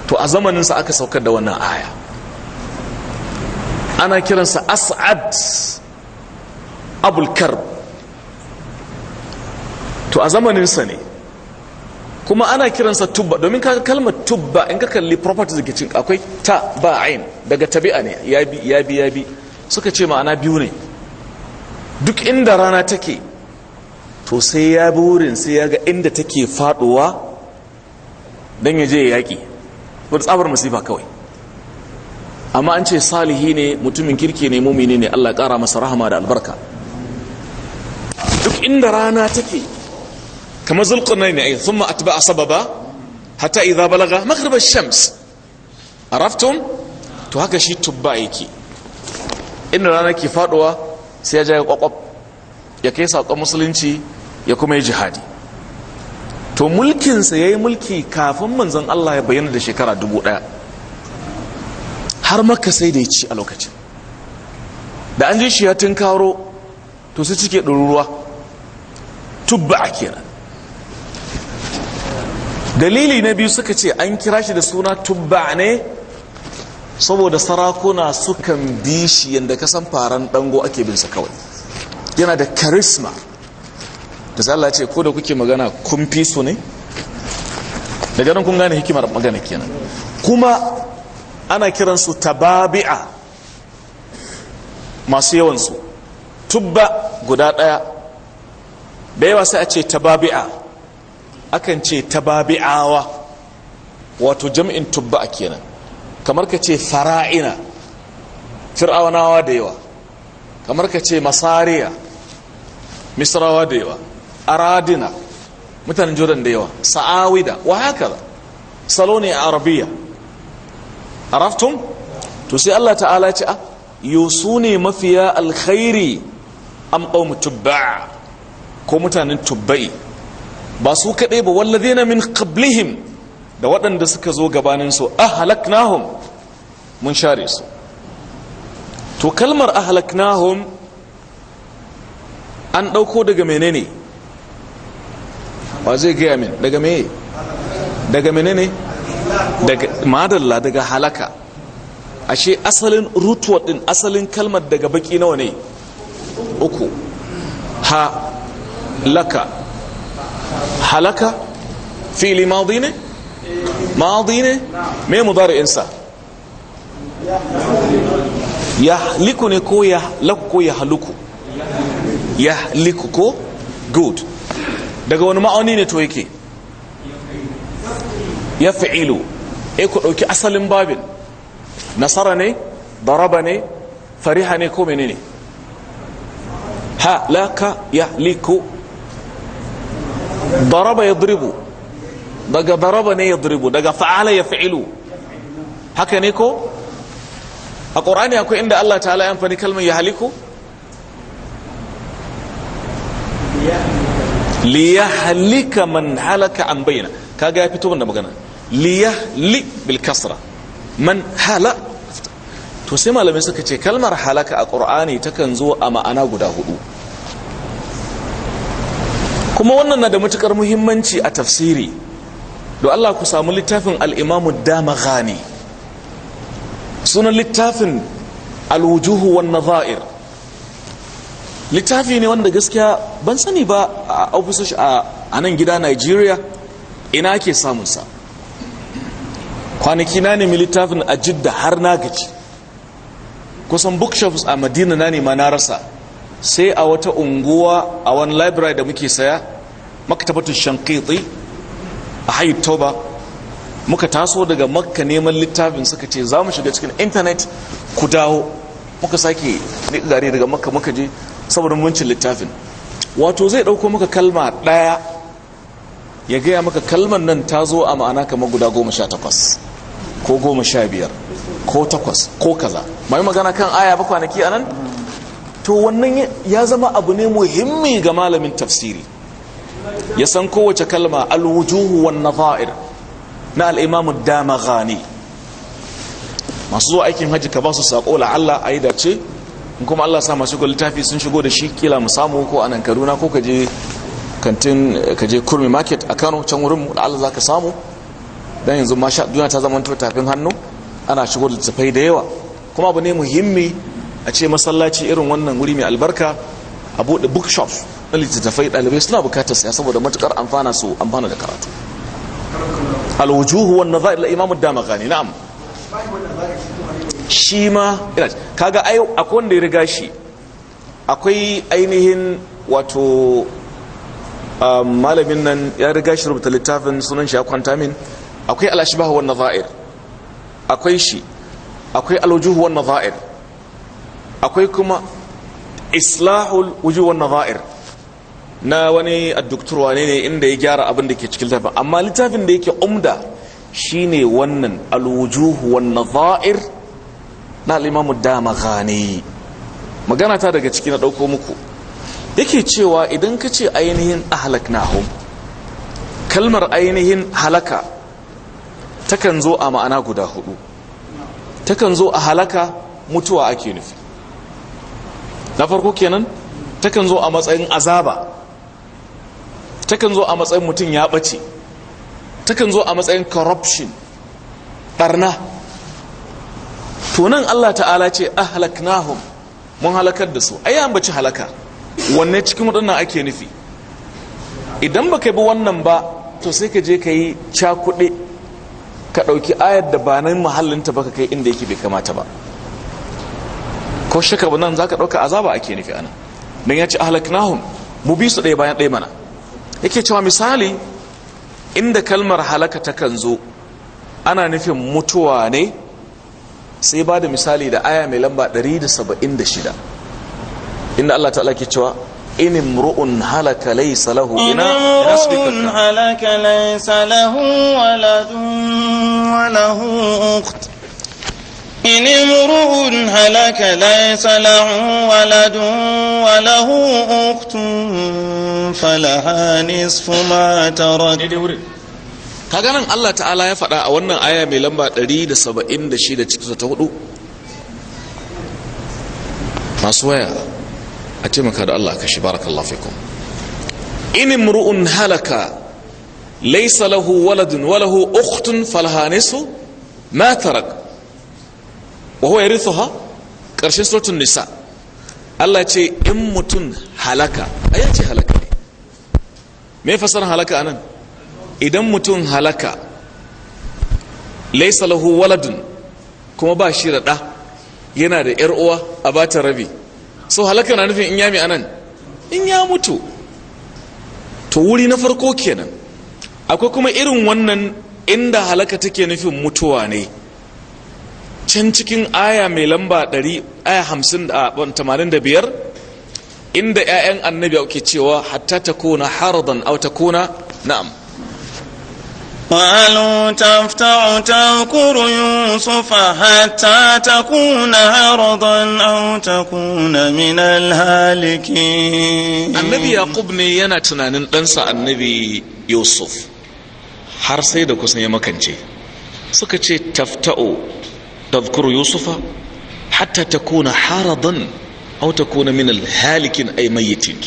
to a zamaninsa aka saukar da wannan aya ana kiransa as'ad abulkar to a zamaninsa ne kuma ana kiransa tubba domin kaga kalmar tubba in ka kalli properties da ke akwai ta ba ayin daga tabi'a ne ya bi ya bi ya bi suka ce ma'ana biyu ne duk inda rana take to sai ya bi wurin sai ya ga inda take faduwa don ya je ya yaƙi wani tsabar masifa kawai amma an ce salihi ne mutumin kirki ne mumini ne allah ƙara masa rahama da albarka duk inda rana take kamar zulƙunai ne ayyana sun ma a tabi a sababa hata iya zaba laga magarbar shams a rafton to haka shi tubba ya ke inda rana ke faɗuwa sai ya jaye kwakwab ya kai saƙon musulunci ya kuma yi jihadi to mulkinsa ya yi mulki kafin manzan Allah ya bayyana da shekara dubu ɗaya har maka sai da ya ci a lokacin da an ji shi ya tun karo to su cike tubba a kenan dalili na biyu suka ce an kira shi da suna tubba ne saboda sarakuna sukan bi shi yadda ka san faran dango ake binsa kawai yana da karisma da zalla ce ko da kuke magana kun fi su ne daga nan kun gane hikimar magana kenan kuma ana kiransu tababi'a masu yawansu tubba guda ɗaya da yawa sai a ce tababi'a akan ce tababi'awa wato jam'in tubba kenan kamar ka ce fara'ina fir'aunawa da yawa kamar ka ce masariya misrawa da yawa aradina mutanen jordan da yawa sa'awida wa haka salo ne a arabiya araftun to sai allah ta'ala ce a ah, yusu ne mafiya alkhairi am ƙaumu tubba ko mutanen tubba'i ba su kaɗai ba na min qablihim da waɗanda suka zo gabanin su ahlaknahum mun share su to kalmar ahlaknahum an ɗauko daga menene ba zai gaya min daga mene daga menene daga madalla daga halaka ashe asalin rutuwa ɗin asalin kalmar daga baki nawa ne uku ha laka halaka fili maɗi ne maɗi ne me insa? ya liku ne ko ya laku ya haluku ya liku ko good daga wani ma'auni ne to yake ya e eh, ku ɗauki asalin babin nasara ne daraba ne fariha ne ko menene ha laka ya liku daraba ya dribu daga daraba ne ya dribu daga fa'ala ya fa'ilu haka ne ko a ƙorani akwai inda Allah ta'ala ya amfani kalmar ya haliku liyahlika man halaka an bayyana kaga ya fito wanda magana liyahli bil kasra man hala to sai malamai suka ce kalmar halaka a qur'ani takan zo a ma'ana guda hudu kuma wannan na da matukar muhimmanci a tafsiri do Allah ku samu littafin al-imamu damaghani sunan littafin al-wujuhu wan nadha'ir littafi ne wanda gaskiya ban sani ba a ofisoshi a nan gida Nigeria ina ake sa. kwanaki na nemi littafin a jidda har na gaji kusan bookshops a madina na nema na rasa sai a wata unguwa a wani library da muke saya maktabatun shankiti a haitoba muka taso daga makka neman littafin suka ce za mu shiga cikin intanet ku dawo muka sake gare daga makka muka je saboda muncin littafin wato zai ɗauko muka kalma ɗaya ya gaya maka kalman nan ta zo a ma'ana kamar guda goma sha takwas ko goma sha biyar ko takwas ko kaza mai magana kan aya ba kwanaki a nan to wannan ya zama abu ne muhimmi ga malamin tafsiri ya san kowace kalma alwujuhu wan nadha'ir na al-imam ad masu zuwa aikin haji ka ba su sako la'alla ayi dace in kuma Allah sa masu littafi sun shigo da shi kila mu samu ko a nan Kaduna ko je kantin je Kurmi market a Kano can wurin mu za zaka samu dan yanzu masha duniya ta zama tafin hannu ana shigo da tafai da yawa kuma abu ne muhimmi a ce masallaci irin wannan wuri mai albarka a buɗe bookshop na littattafai ɗalibai suna bukatar saya saboda matukar amfana su amfana da karatu alwujuhu wannan za'ila imamu dama gani na'am shi ma kaga ai akwai wanda ya riga shi akwai ainihin wato um, malamin nan ya riga shi rubuta littafin sunan shi ya kwanta min akwai alashbahu wannan za'ir akwai shi akwai alwujuhu wannan za'ir akwai kuma islahul wujuwan nadha'ir na wani addoktor wane ne inda ya gyara abin da ke cikin littafin amma littafin da yake umda shine wannan alwujuhu wan nadha'ir na al-imamu damaghani magana ta daga ciki na dauko muku yake cewa idan ka ce ainihin ahlaknahum kalmar ainihin halaka takan zo a ma'ana guda hudu takan zo a halaka mutuwa ake nufi na farko kenan takan zo a matsayin azaba takan zo a matsayin mutum ya ɓace takan zo a matsayin corruption ɓarna tunan allah ta'ala ce ahlaknahum mun halakar da su ai an baci halaka wanne cikin waɗannan ake nufi idan ba ka bi wannan ba to sai ka je ka yi cakuɗe ka ɗauki ayar da ba nan mahallinta ba ka kai inda yake bai kamata ba ko shaka za ka dauka azaba ake nufi ana dan yace hun, mu bi su ɗaya bayan ɗaya mana yake cewa misali inda kalmar halaka ta kan zo ana nufin mutuwa ne sai ba da misali da aya mai lamba 176 inda Allah ta'ala ke cewa in imru'un halaka laysa lahu ina nasbikun halaka laysa lahu waladun wa lahu ukht إن امرؤ هلك ليس له ولد وله أخت فلها نصف ما ترك kaga nan Allah ta'ala ya faɗa a wannan aya mai lamba 176 cikin ta hudu masu waya a taimaka da Allah ka shi barakallahu fikum in imru'un halaka laysa lahu waladun wa lahu ukhtun falha nisu ma tarak wa huwa yarithuha karshen suratul nisa Allah ce in mutum halaka aya ce halaka ne me fasar halaka anan idan mutum halaka lai salahu waladun kuma ba shi da ɗa yana da ƴar uwa a bata rabi so halaka na nufin in yami a nan in ya mutu to wuri na farko kenan akwai kuma irin wannan inda halaka take nufin mutuwa ne can cikin aya mai lamba 100 aya 85 inda 'ya'yan annabi ke cewa hatta ta kona haradan au ta kona na'am قالوا تفتع تذكر يوسف حتى تكون عرضا أو تكون من الهالكين النبي يعقوب ne yana tunanin ɗansa annabi Yusuf har sai da kusan ya makance suka ce tafta'u تذكر يوسف حتى تكون حرضا أو تكون من الهالكين أي ميتين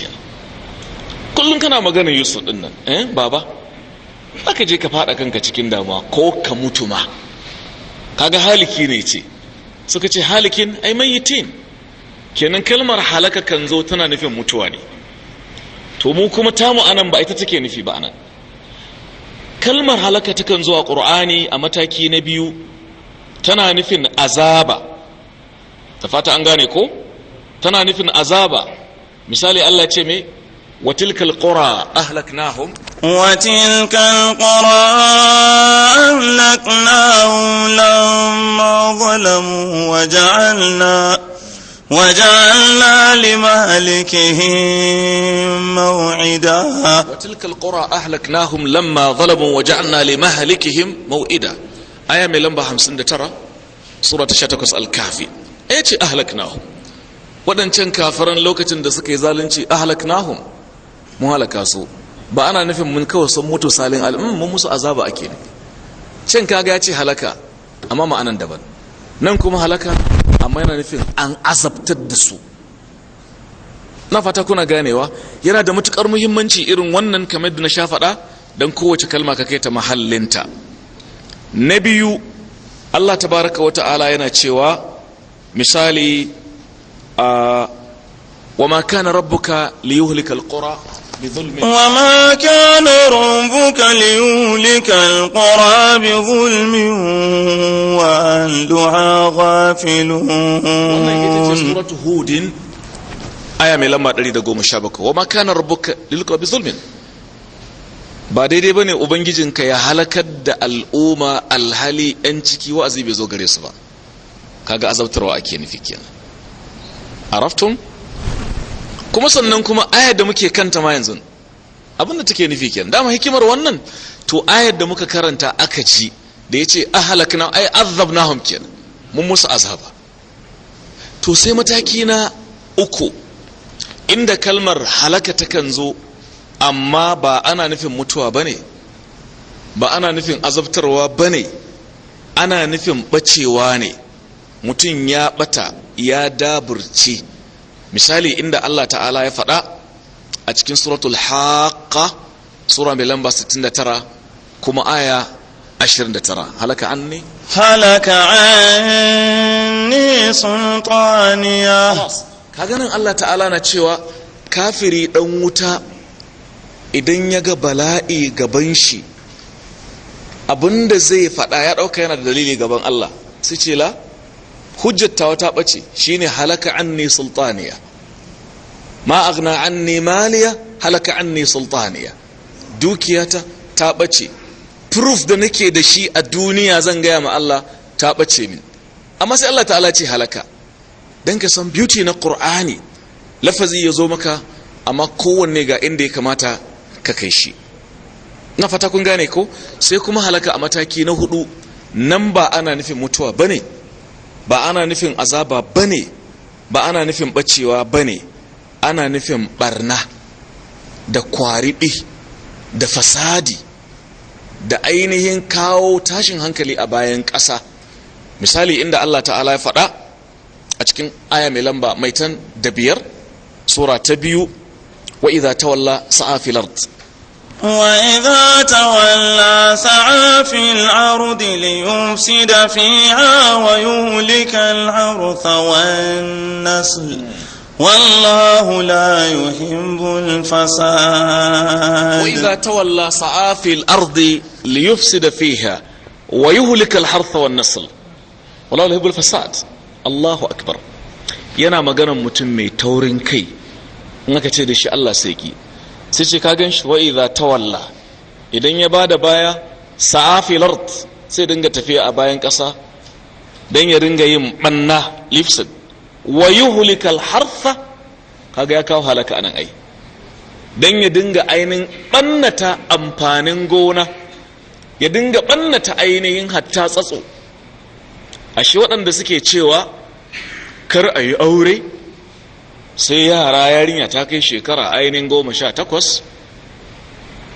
كلهم كنا مغانا يوسف إنن إيه بابا aka je ka fada kanka cikin dama ko ka mutu ma kaga haliki ne ce suka ce halikin ai mayitin kenan kalmar halaka kan zo tana nufin mutuwa ne to mu kuma tamu anan ba ita take nufi ba anan kalmar halaka takan zo a ƙur'ani, a mataki na biyu tana nufin azaba da fata an gane ko tana nufin azaba misali Allah ce me وتلك القرى أهلكناهم وتلك القرى أهلكناهم لما ظلموا وجعلنا وجعلنا لمهلكهم موعدا وتلك القرى أهلكناهم لما ظلموا وجعلنا لمهلكهم موئدا aya mai lamba 59 sura ta 18 takwas Alkafi. ya eh, ce ahlaknahum waɗancan kafaran lokacin da suka yi zalunci ahlaknahum mun halaka su ba ana nufin mun kawai sun mutu salin al'umma mun musu azaba ake ne can kaga ya ce halaka amma ma'anan daban nan kuma halaka amma yana nufin an azabtar da su na fata kuna ganewa yana da matukar muhimmanci irin wannan kamar da na sha faɗa don kowace kalma ka kai ta mahallinta na biyu allah tabaraka wa ta'ala yana cewa misali a wa ma kana rabbuka li yuhlika alqura وما كان ربك ليهلك القرى بظلم وأهلها غافلون سورة Wa ma من لما وما كان ربك ليهلك بظلم ba daidai ba ubangijin ubangijinka ya halakar da al'umma alhali yan ciki wa'azi bai zo gare su ba kaga azabtarwa ake nufi kenan raftun kuma sannan kuma ayar da muke kanta ma yanzu abin take nufi kenan dama hikimar wannan to ayar da muka karanta aka ji da ya ce yace ahlakna ay azabnahum kenan mun musu azaba to sai mataki na uku inda kalmar halaka kan zo amma ba ana nufin mutuwa ba ne ba ana nufin azabtarwa ba ne ana nufin bacewa ne mutum ya bata ya daburci misali inda Allah ta'ala ya faɗa a cikin suratul haqqa sura mai lamba 69 kuma aya 29 halaka ne halaka anni sultaniya Ka ganin Allah ta'ala na cewa kafiri dan wuta idan ya ga bala'i gaban shi abinda zai faɗa ya ɗauka yana da dalili gaban Allah Su ce la hujjatawa ta ɓace shine halaka anni sultaniya ma agna anni maliya halaka anni sultaniya dukiyata ta ɓace proof da nake da shi a duniya zan gaya ma Allah ta ɓace min amma sai Allah ta'ala ce halaka dan ka san beauty na Qur'ani lafazi ya zo maka amma kowanne ga inda ya kamata ka kai shi na fata kun gane ko sai kuma halaka a mataki na hudu nan ba ana nufin mutuwa bane ba ana nufin azaba bane ba ana nufin bacewa bane ana nufin barna da kwaribi da fasadi da ainihin kawo tashin hankali a bayan ƙasa misali inda Allah ta'ala ya faɗa a cikin aya mai lamba maitan da biyar sura ta biyu وإذا تولى سعى في الأرض وإذا تولى سعى في الأرض ليفسد فيها ويهلك الحرث والنسل والله لا يحب الفساد وإذا تولى سعى في الأرض ليفسد فيها ويهلك الحرث والنسل والله لا يحب الفساد الله أكبر yana maganan متمي تورين كي in aka ce da shi Allah sai ki sai ce ka gan shi wa idza tawalla idan ya bada baya sa'afi lard sai dinga tafiya a bayan ƙasa dan ya dinga yin banna lifsid wa yuhlikal hartha kaga ya kawo halaka anan ai dan ya dinga ainin bannata amfanin gona ya dinga bannata ainihin hatta tsatso shi waɗanda suke cewa kar a yi aure sai yara yarinya ta kai shekara ainihin goma sha takwas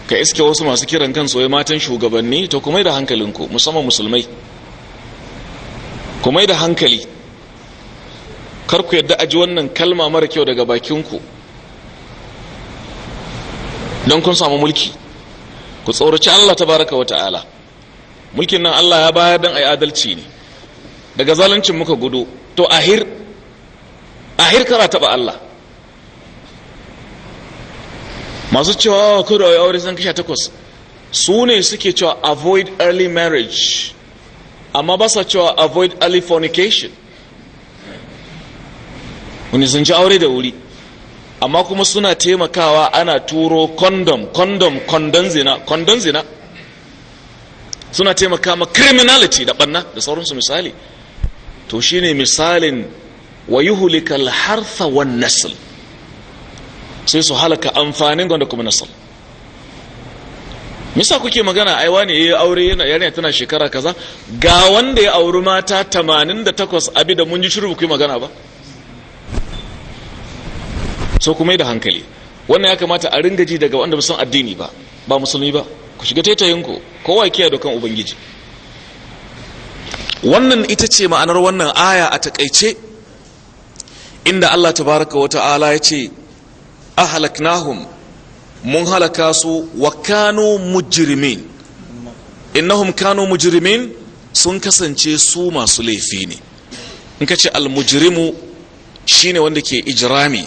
ka iske wasu masu kiran kan soye matan shugabanni ta kuma da hankalinku musamman musulmai kuma da hankali kar ku yadda ji wannan kalma mara kyau daga bakinku don kun samu mulki ku tsoraci allah Ta baraka wa ta'ala mulkin nan allah ya bayar don a adalci ne daga zaluncin muka gudu to ahir ahir kana taba Allah masu cewa oh, kada ya aure zan kasha takwas su ne suke cewa avoid early marriage amma ba sa cewa avoid early fornication wani sun ci aure da wuri amma kuma suna taimakawa ana turo condom condom kondon zina condon zina suna taimaka ma criminality da banna da sauransu misali to shine misalin wa yi al harfa wan nasl sai su halaka amfanin gwanda kuma nasl misa kuke magana ai wani yayi aure yana yana tana shekara kaza ga wanda ya auri mata 88 abi da mun ji shiru kuke magana ba so kuma da hankali wannan ya kamata a ringa ji daga wanda musan addini ba ba musulmi ba ku shiga ku kowa ya kiyaye dokan ubangiji wannan ita ce ma'anar wannan aya a takaice inda Allah tabaraka wa ta'ala ya ce ahlaknahum mun halaka su wa kanu mujrimin innahum kanu mujrimin sun kasance su masu laifi ne in ka ce almujrimu shine wanda ke ijrami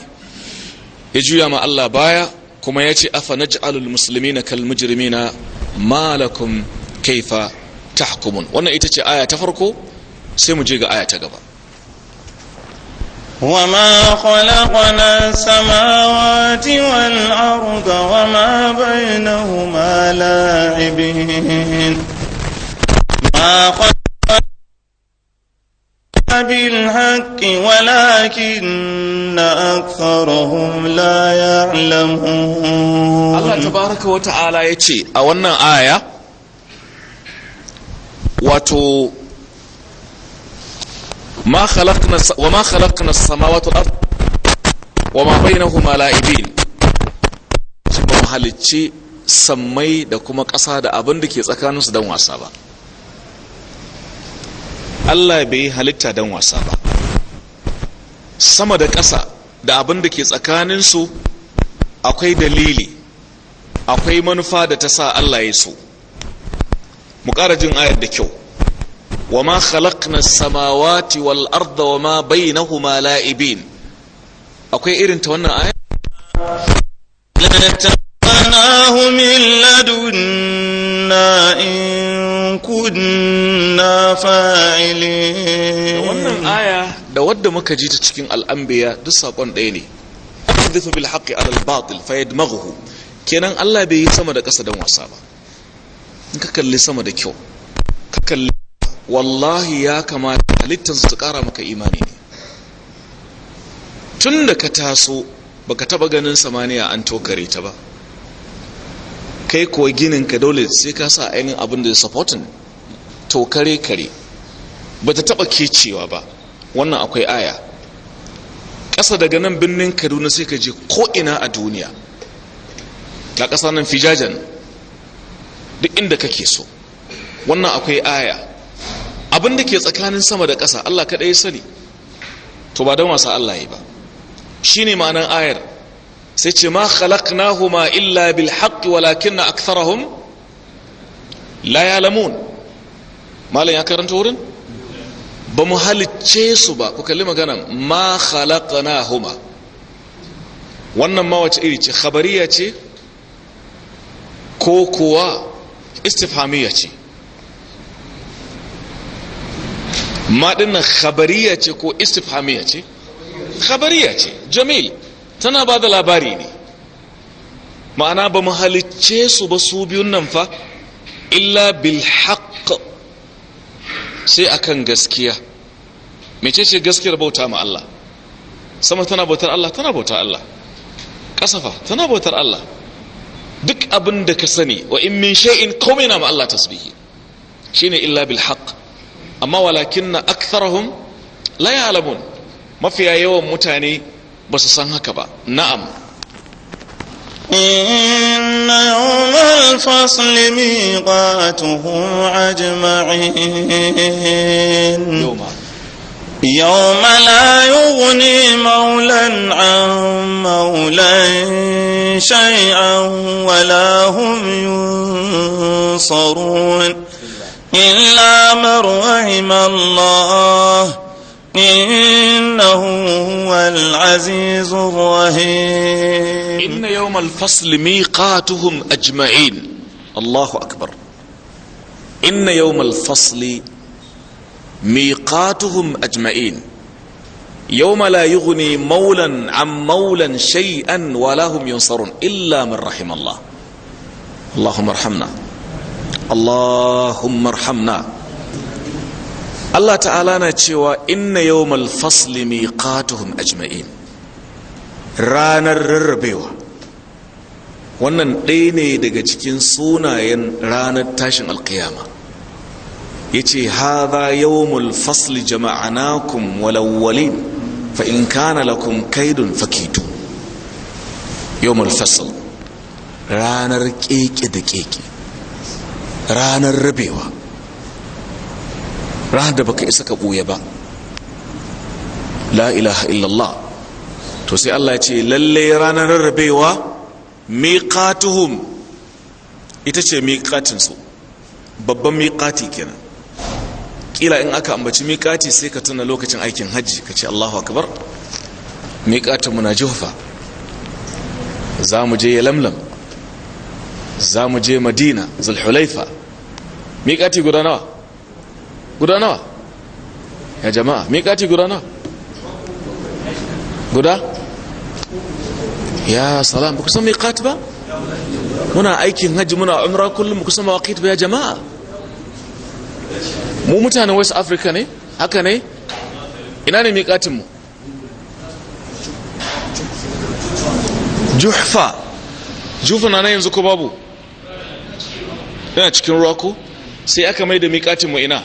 ya juya ma Allah baya kuma ya ce afa naj'alul muslimina na mujrimina ma lakum kaifa tahkumun wannan ita ce aya ta farko sai mu je ga aya ta gaba وما خلقنا السماوات والأرض وما بينهما لاعبين ما خلقنا بالحق ولكن أكثرهم لا يعلمون الله تبارك وتعالى يتي أولنا آية وتو wa ma khalaqna as-samawati wal wa ma la'ibin halicci sammai da kuma ƙasa da abin da ke tsakaninsu don wasa ba Allah bai halitta don wasa ba sama da ƙasa da abin da ke tsakaninsu akwai dalili akwai manufa da ta sa Allah ya so mu ƙara jin ayar da kyau wa ma khalaqna samawati wal arda wa ma bainahuma la'ibin akwai irin ta wannan aya من لدنا إن كنا فاعلين wannan da wadda muka ji ta cikin al'ambiya duk saƙon ɗaya ne hadithu bil haqqi ala al batil fa yadmaghuhu kenan Allah bai yi sama da ƙasa don wasa in ka kalli sama da kyau wallahi ya kamata halittarsu su kara maka imani ne tun da ka taso ba ka taba ganin samaniya an tokare ta ba kai kuwa ginin ka dole sai ka sa ainihin abin da ya supporting tokare kare ba ta taba kecewa ba wannan akwai aya ƙasa daga nan birnin kaduna sai ka je ko'ina a duniya ga ƙasa nan fijajen duk inda kake so wannan akwai aya abin da ke tsakanin sama da ƙasa Allah kaɗai ya sani to ba don wasa Allah ya ba shi ne ma'anar ayar sai ce ma huma illa bil haqqi walakinna aktharahum la ya'lamun malam ya karanta wurin ba mu halicce su ba ku kalli magana ma huma? wannan ma wace iri ce khabariya ce ko kuwa istifhamiya ce Maɗinan khabariya ce ko istifhamiya ce khabariya ce jamil tana ba da labari ne ma'ana ba mu halicce su ba su biyun nan fa illa bil sai akan gaskiya mece ce gaskiyar bauta ma Allah sama tana bautar Allah tana bautar Allah kasafa tana bautar Allah duk abin da ka sani wa in min shay'in komai ma Allah tasbihi shine illa bil haqq amma walakin na aktharahun layalamun mafiya yawan mutane ba su san haka ba na'am inna yawmal fasli miqatuhum ajma'in yawma la yughni mawlan an mawlan shay'an wa la hum yunsarun إلا من رحم الله إنه هو العزيز الرحيم إن يوم الفصل ميقاتهم أجمعين الله أكبر إن يوم الفصل ميقاتهم أجمعين يوم لا يغني مولا عن مولا شيئا ولا هم ينصرون إلا من رحم الله اللهم ارحمنا Allahumma arhamna Allah ta'ala na cewa inna yawmal fasli miqatuhum ajma'in ranar rarrabewa wannan ɗaya ne daga cikin sunayen ranar tashin alkiyama yace haza yawmul fasli jama'anakum walawwalin fa in kana lakum kaidun fakitu. yawmul fasl ranar keke da keke ranar rabewa ranar da baka isa ka ɓuya ba la ilaha illallah to sai Allah ya ce lalle ranar rabewa miqatuhum ita ce miƙatinsu babban miƙati kenan ƙila in aka ambaci miƙati sai ka tuna lokacin aikin hajji ka ce Allahu akbar miqatin na Juhfa za mu je Yalamlam za mu je Madina Zulhulaifa miƙati guda nawa guda nawa ya jama'a miƙati guda nawa guda ya salam ba kusan miƙati ba muna aikin hajji muna umra kullum kusan mawaƙit ba ya jama'a mu mutanen west africa ne haka ne ina ne miƙatinmu juhfa jufa na yanzu ko babu yana cikin ruwa ko sai aka mai da miƙatin ina [clears throat]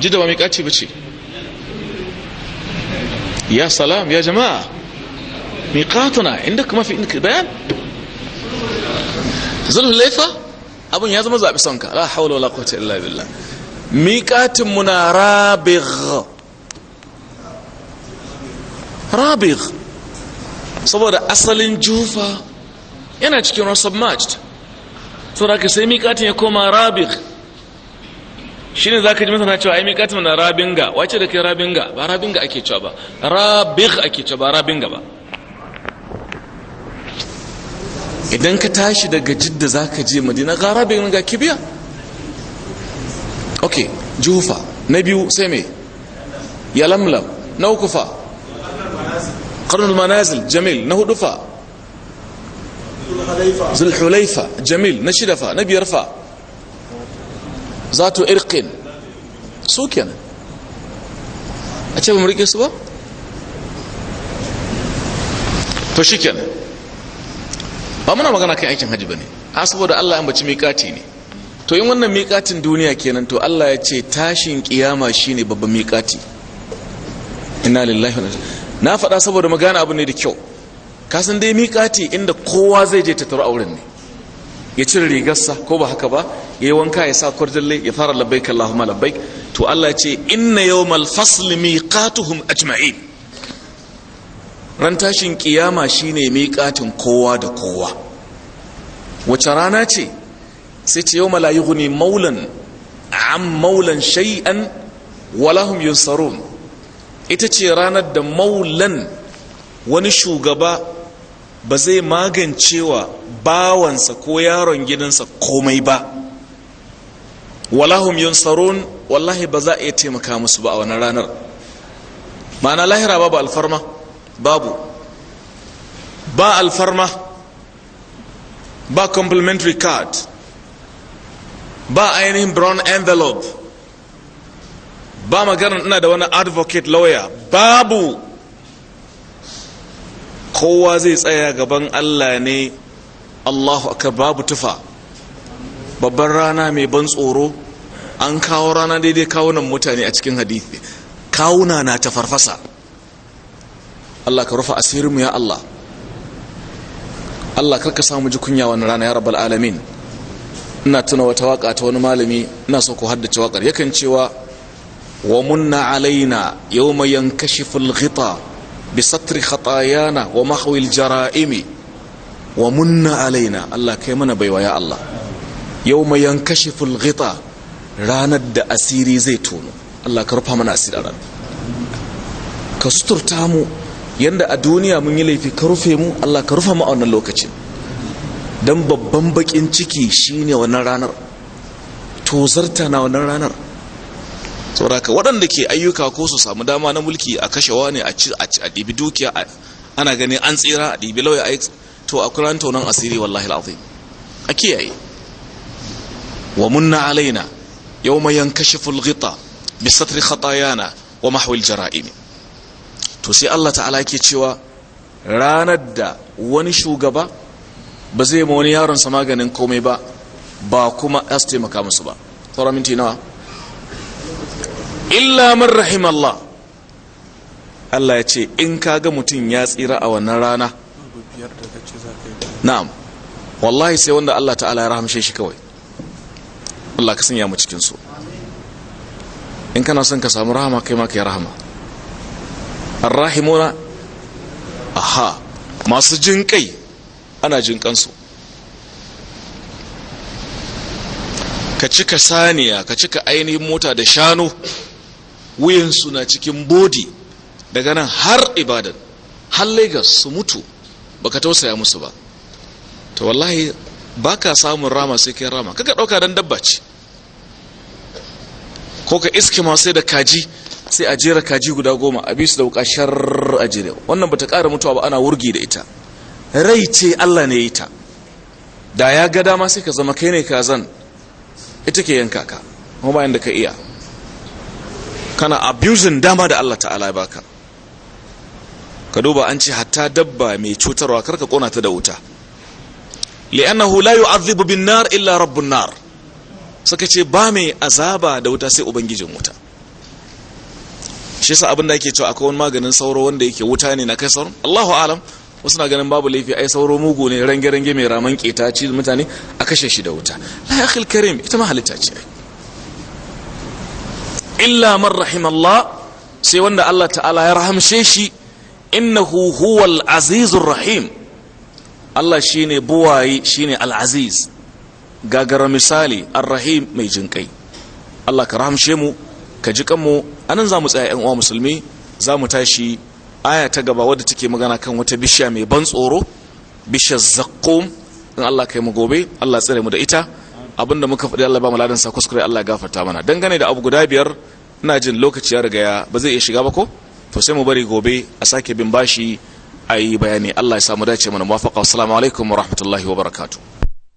Jida ba miƙaci ba ce ya salam ya jama'a miƙatuna inda kuma fi inda bayan zulun laifa abin ya zama zaɓi sonka la haula wala quwwata illa billah miƙatin mu na rabigh rabigh saboda asalin jufa yana cikin rasab majd saboda haka sai miƙatin ya koma ne shine ka ji masana cewa ai miƙatin na ga wace da kai ga ba ga ake cewa ba rabig ake cewa ba ga ba idan ka tashi daga jidda za ka je madina ga ga kibiya ok jufa na biyu sai me yalamlam na uku fa qarnul manazil jamil na hudu fa zulhulaifa jamil na shida fa na biyar fa zato irqin su kenan a ce ba mu rike su ba to shi kenan ba muna magana aikin ba ne a allah ya to yin wannan miƙatin duniya kenan to allah ya ce tashin ƙiyama shine babban miƙati inna lillahi na faɗa saboda magana abu ne da kyau kasan dai miƙati inda kowa zai je tattaro auren ne ya cire rigarsa ko ba haka ba ya yi wanka ya sa kwarjalle ya fara labbaik Allahumma labbaik to Allah ya ce inna yawmal fasl miqatuhum ajma'in ran tashin kiyama shine miqatin kowa da kowa wace rana ce sai ce yawma la yughni maulan am maulan shay'an walahum yunsarun ita ce ranar da maulan wani shugaba ba zai magancewa bawansa ko yaron gidansa komai ba walahum yunsarun wallahi ba za a iya taimaka musu ba a wani ranar ma'ana lahira babu alfarma babu ba alfarma ba complementary card ba ainihin brown envelope ba maganar ina da wani advocate lawyer babu kowa zai tsaya gaban allah ne allahu akar babu tufa babban rana mai ban tsoro an kawo rana daidai kawunan mutane a cikin hadithi kawuna na ta farfasa allah ka rufa asirinmu ya allah allah karka samu ji kunya wani rana ya rabar alamin ina tuna wata waka ta wani malami ina so ku haddace wakar yakan cewa wa munna alaina mayan yankashiful ghita ya na wa mahwil jara'imi wa munna alaina Allah kai mana baiwa Allah yau mai kashe ghita ranar da asiri zai tono Allah ka rufa mana asiri ran ka suturta mu yanda a duniya mun yi laifi ka rufe mu Allah ka rufa mu a wannan lokacin dan babban baƙin ciki shine wannan ranar tozarta na wannan ranar sauraka waɗanda ke ayyuka ko su samu dama na mulki a kashewa ne a ɗibi dukiya ana gani an tsira a ɗibi lauya a to a kuran taunan asiri wallahi al'azim a kiyaye wa munna alaina yau mai kashe fulgita bisatri khatayana wa mahawil jara'imi to sai allah ta'ala ke cewa ranar da wani shugaba ba zai ma wani yaron sa maganin komai ba ba kuma ya taimaka musu ba saura minti nawa illa man rahim Allah Allah ya ce in kaga mutum ya tsira a wannan rana na'am wallahi sai wanda Allah ta'ala ya rahamshe shi kawai Allah ka sanya mu cikin su in kana son ka samu rahama kai ma ka yi rahama arrahimuna aha masu jin kai ana jin kansu ka cika saniya ka cika ainihin mota da shanu wuyansu na cikin bodi daga nan har ibadan har lagos su mutu baka tausaya musu ba to wallahi baka samun rama sai kai rama kaka dauka dan dabba ce ko ka iske ma sai da kaji sai a jera kaji guda goma a bisu da wuka shar a jere wannan bata kara mutuwa ba ana wurgi da ita rai ce Allah ne ita da ya ga dama sai ka zama kai ne kazan ita ke yanka ka kuma bayan da ka iya kana abusing dama da Allah ta'ala ya baka ka duba an ce hatta dabba mai cutarwa karka kona ta da wuta li'annahu la yu'adhibu bin nar illa rabbun nar saka ce ba mai azaba da wuta sai ubangijin wuta shi yasa abin da yake cewa akwai wani maganin sauro wanda yake wuta ne na kai sauron Allahu alam wasu na ganin babu laifi ai sauro mugu ne range range mai raman keta ci mutane a kashe shi da wuta la yakhil karim ita ma halitta ce illa man rahimallah sai wanda Allah ta'ala ya rahamshe shi innahu huwal azizur rahim Allah shine buwaye shine al-aziz gagara misali ar-rahim mai jinkai Allah ka rahamshe mu ka ji kanmu anan zamu tsaya ƴan uwa musulmi zamu tashi aya ta gaba wadda take magana kan wata bishiya mai ban tsoro bishiyar zakkum in Allah kai mu gobe Allah tsare mu da ita abinda muka faɗi Allah ba mu ladan sa kuskure Allah gafarta mana dangane da abu guda biyar ina jin lokaci ya riga ba zai iya shiga ba ko to sai mu bari gobe a sake bin bashi a yi bayani Allah ya samu dace mana muwafaqa assalamu alaikum wa rahmatullahi wa barakatuh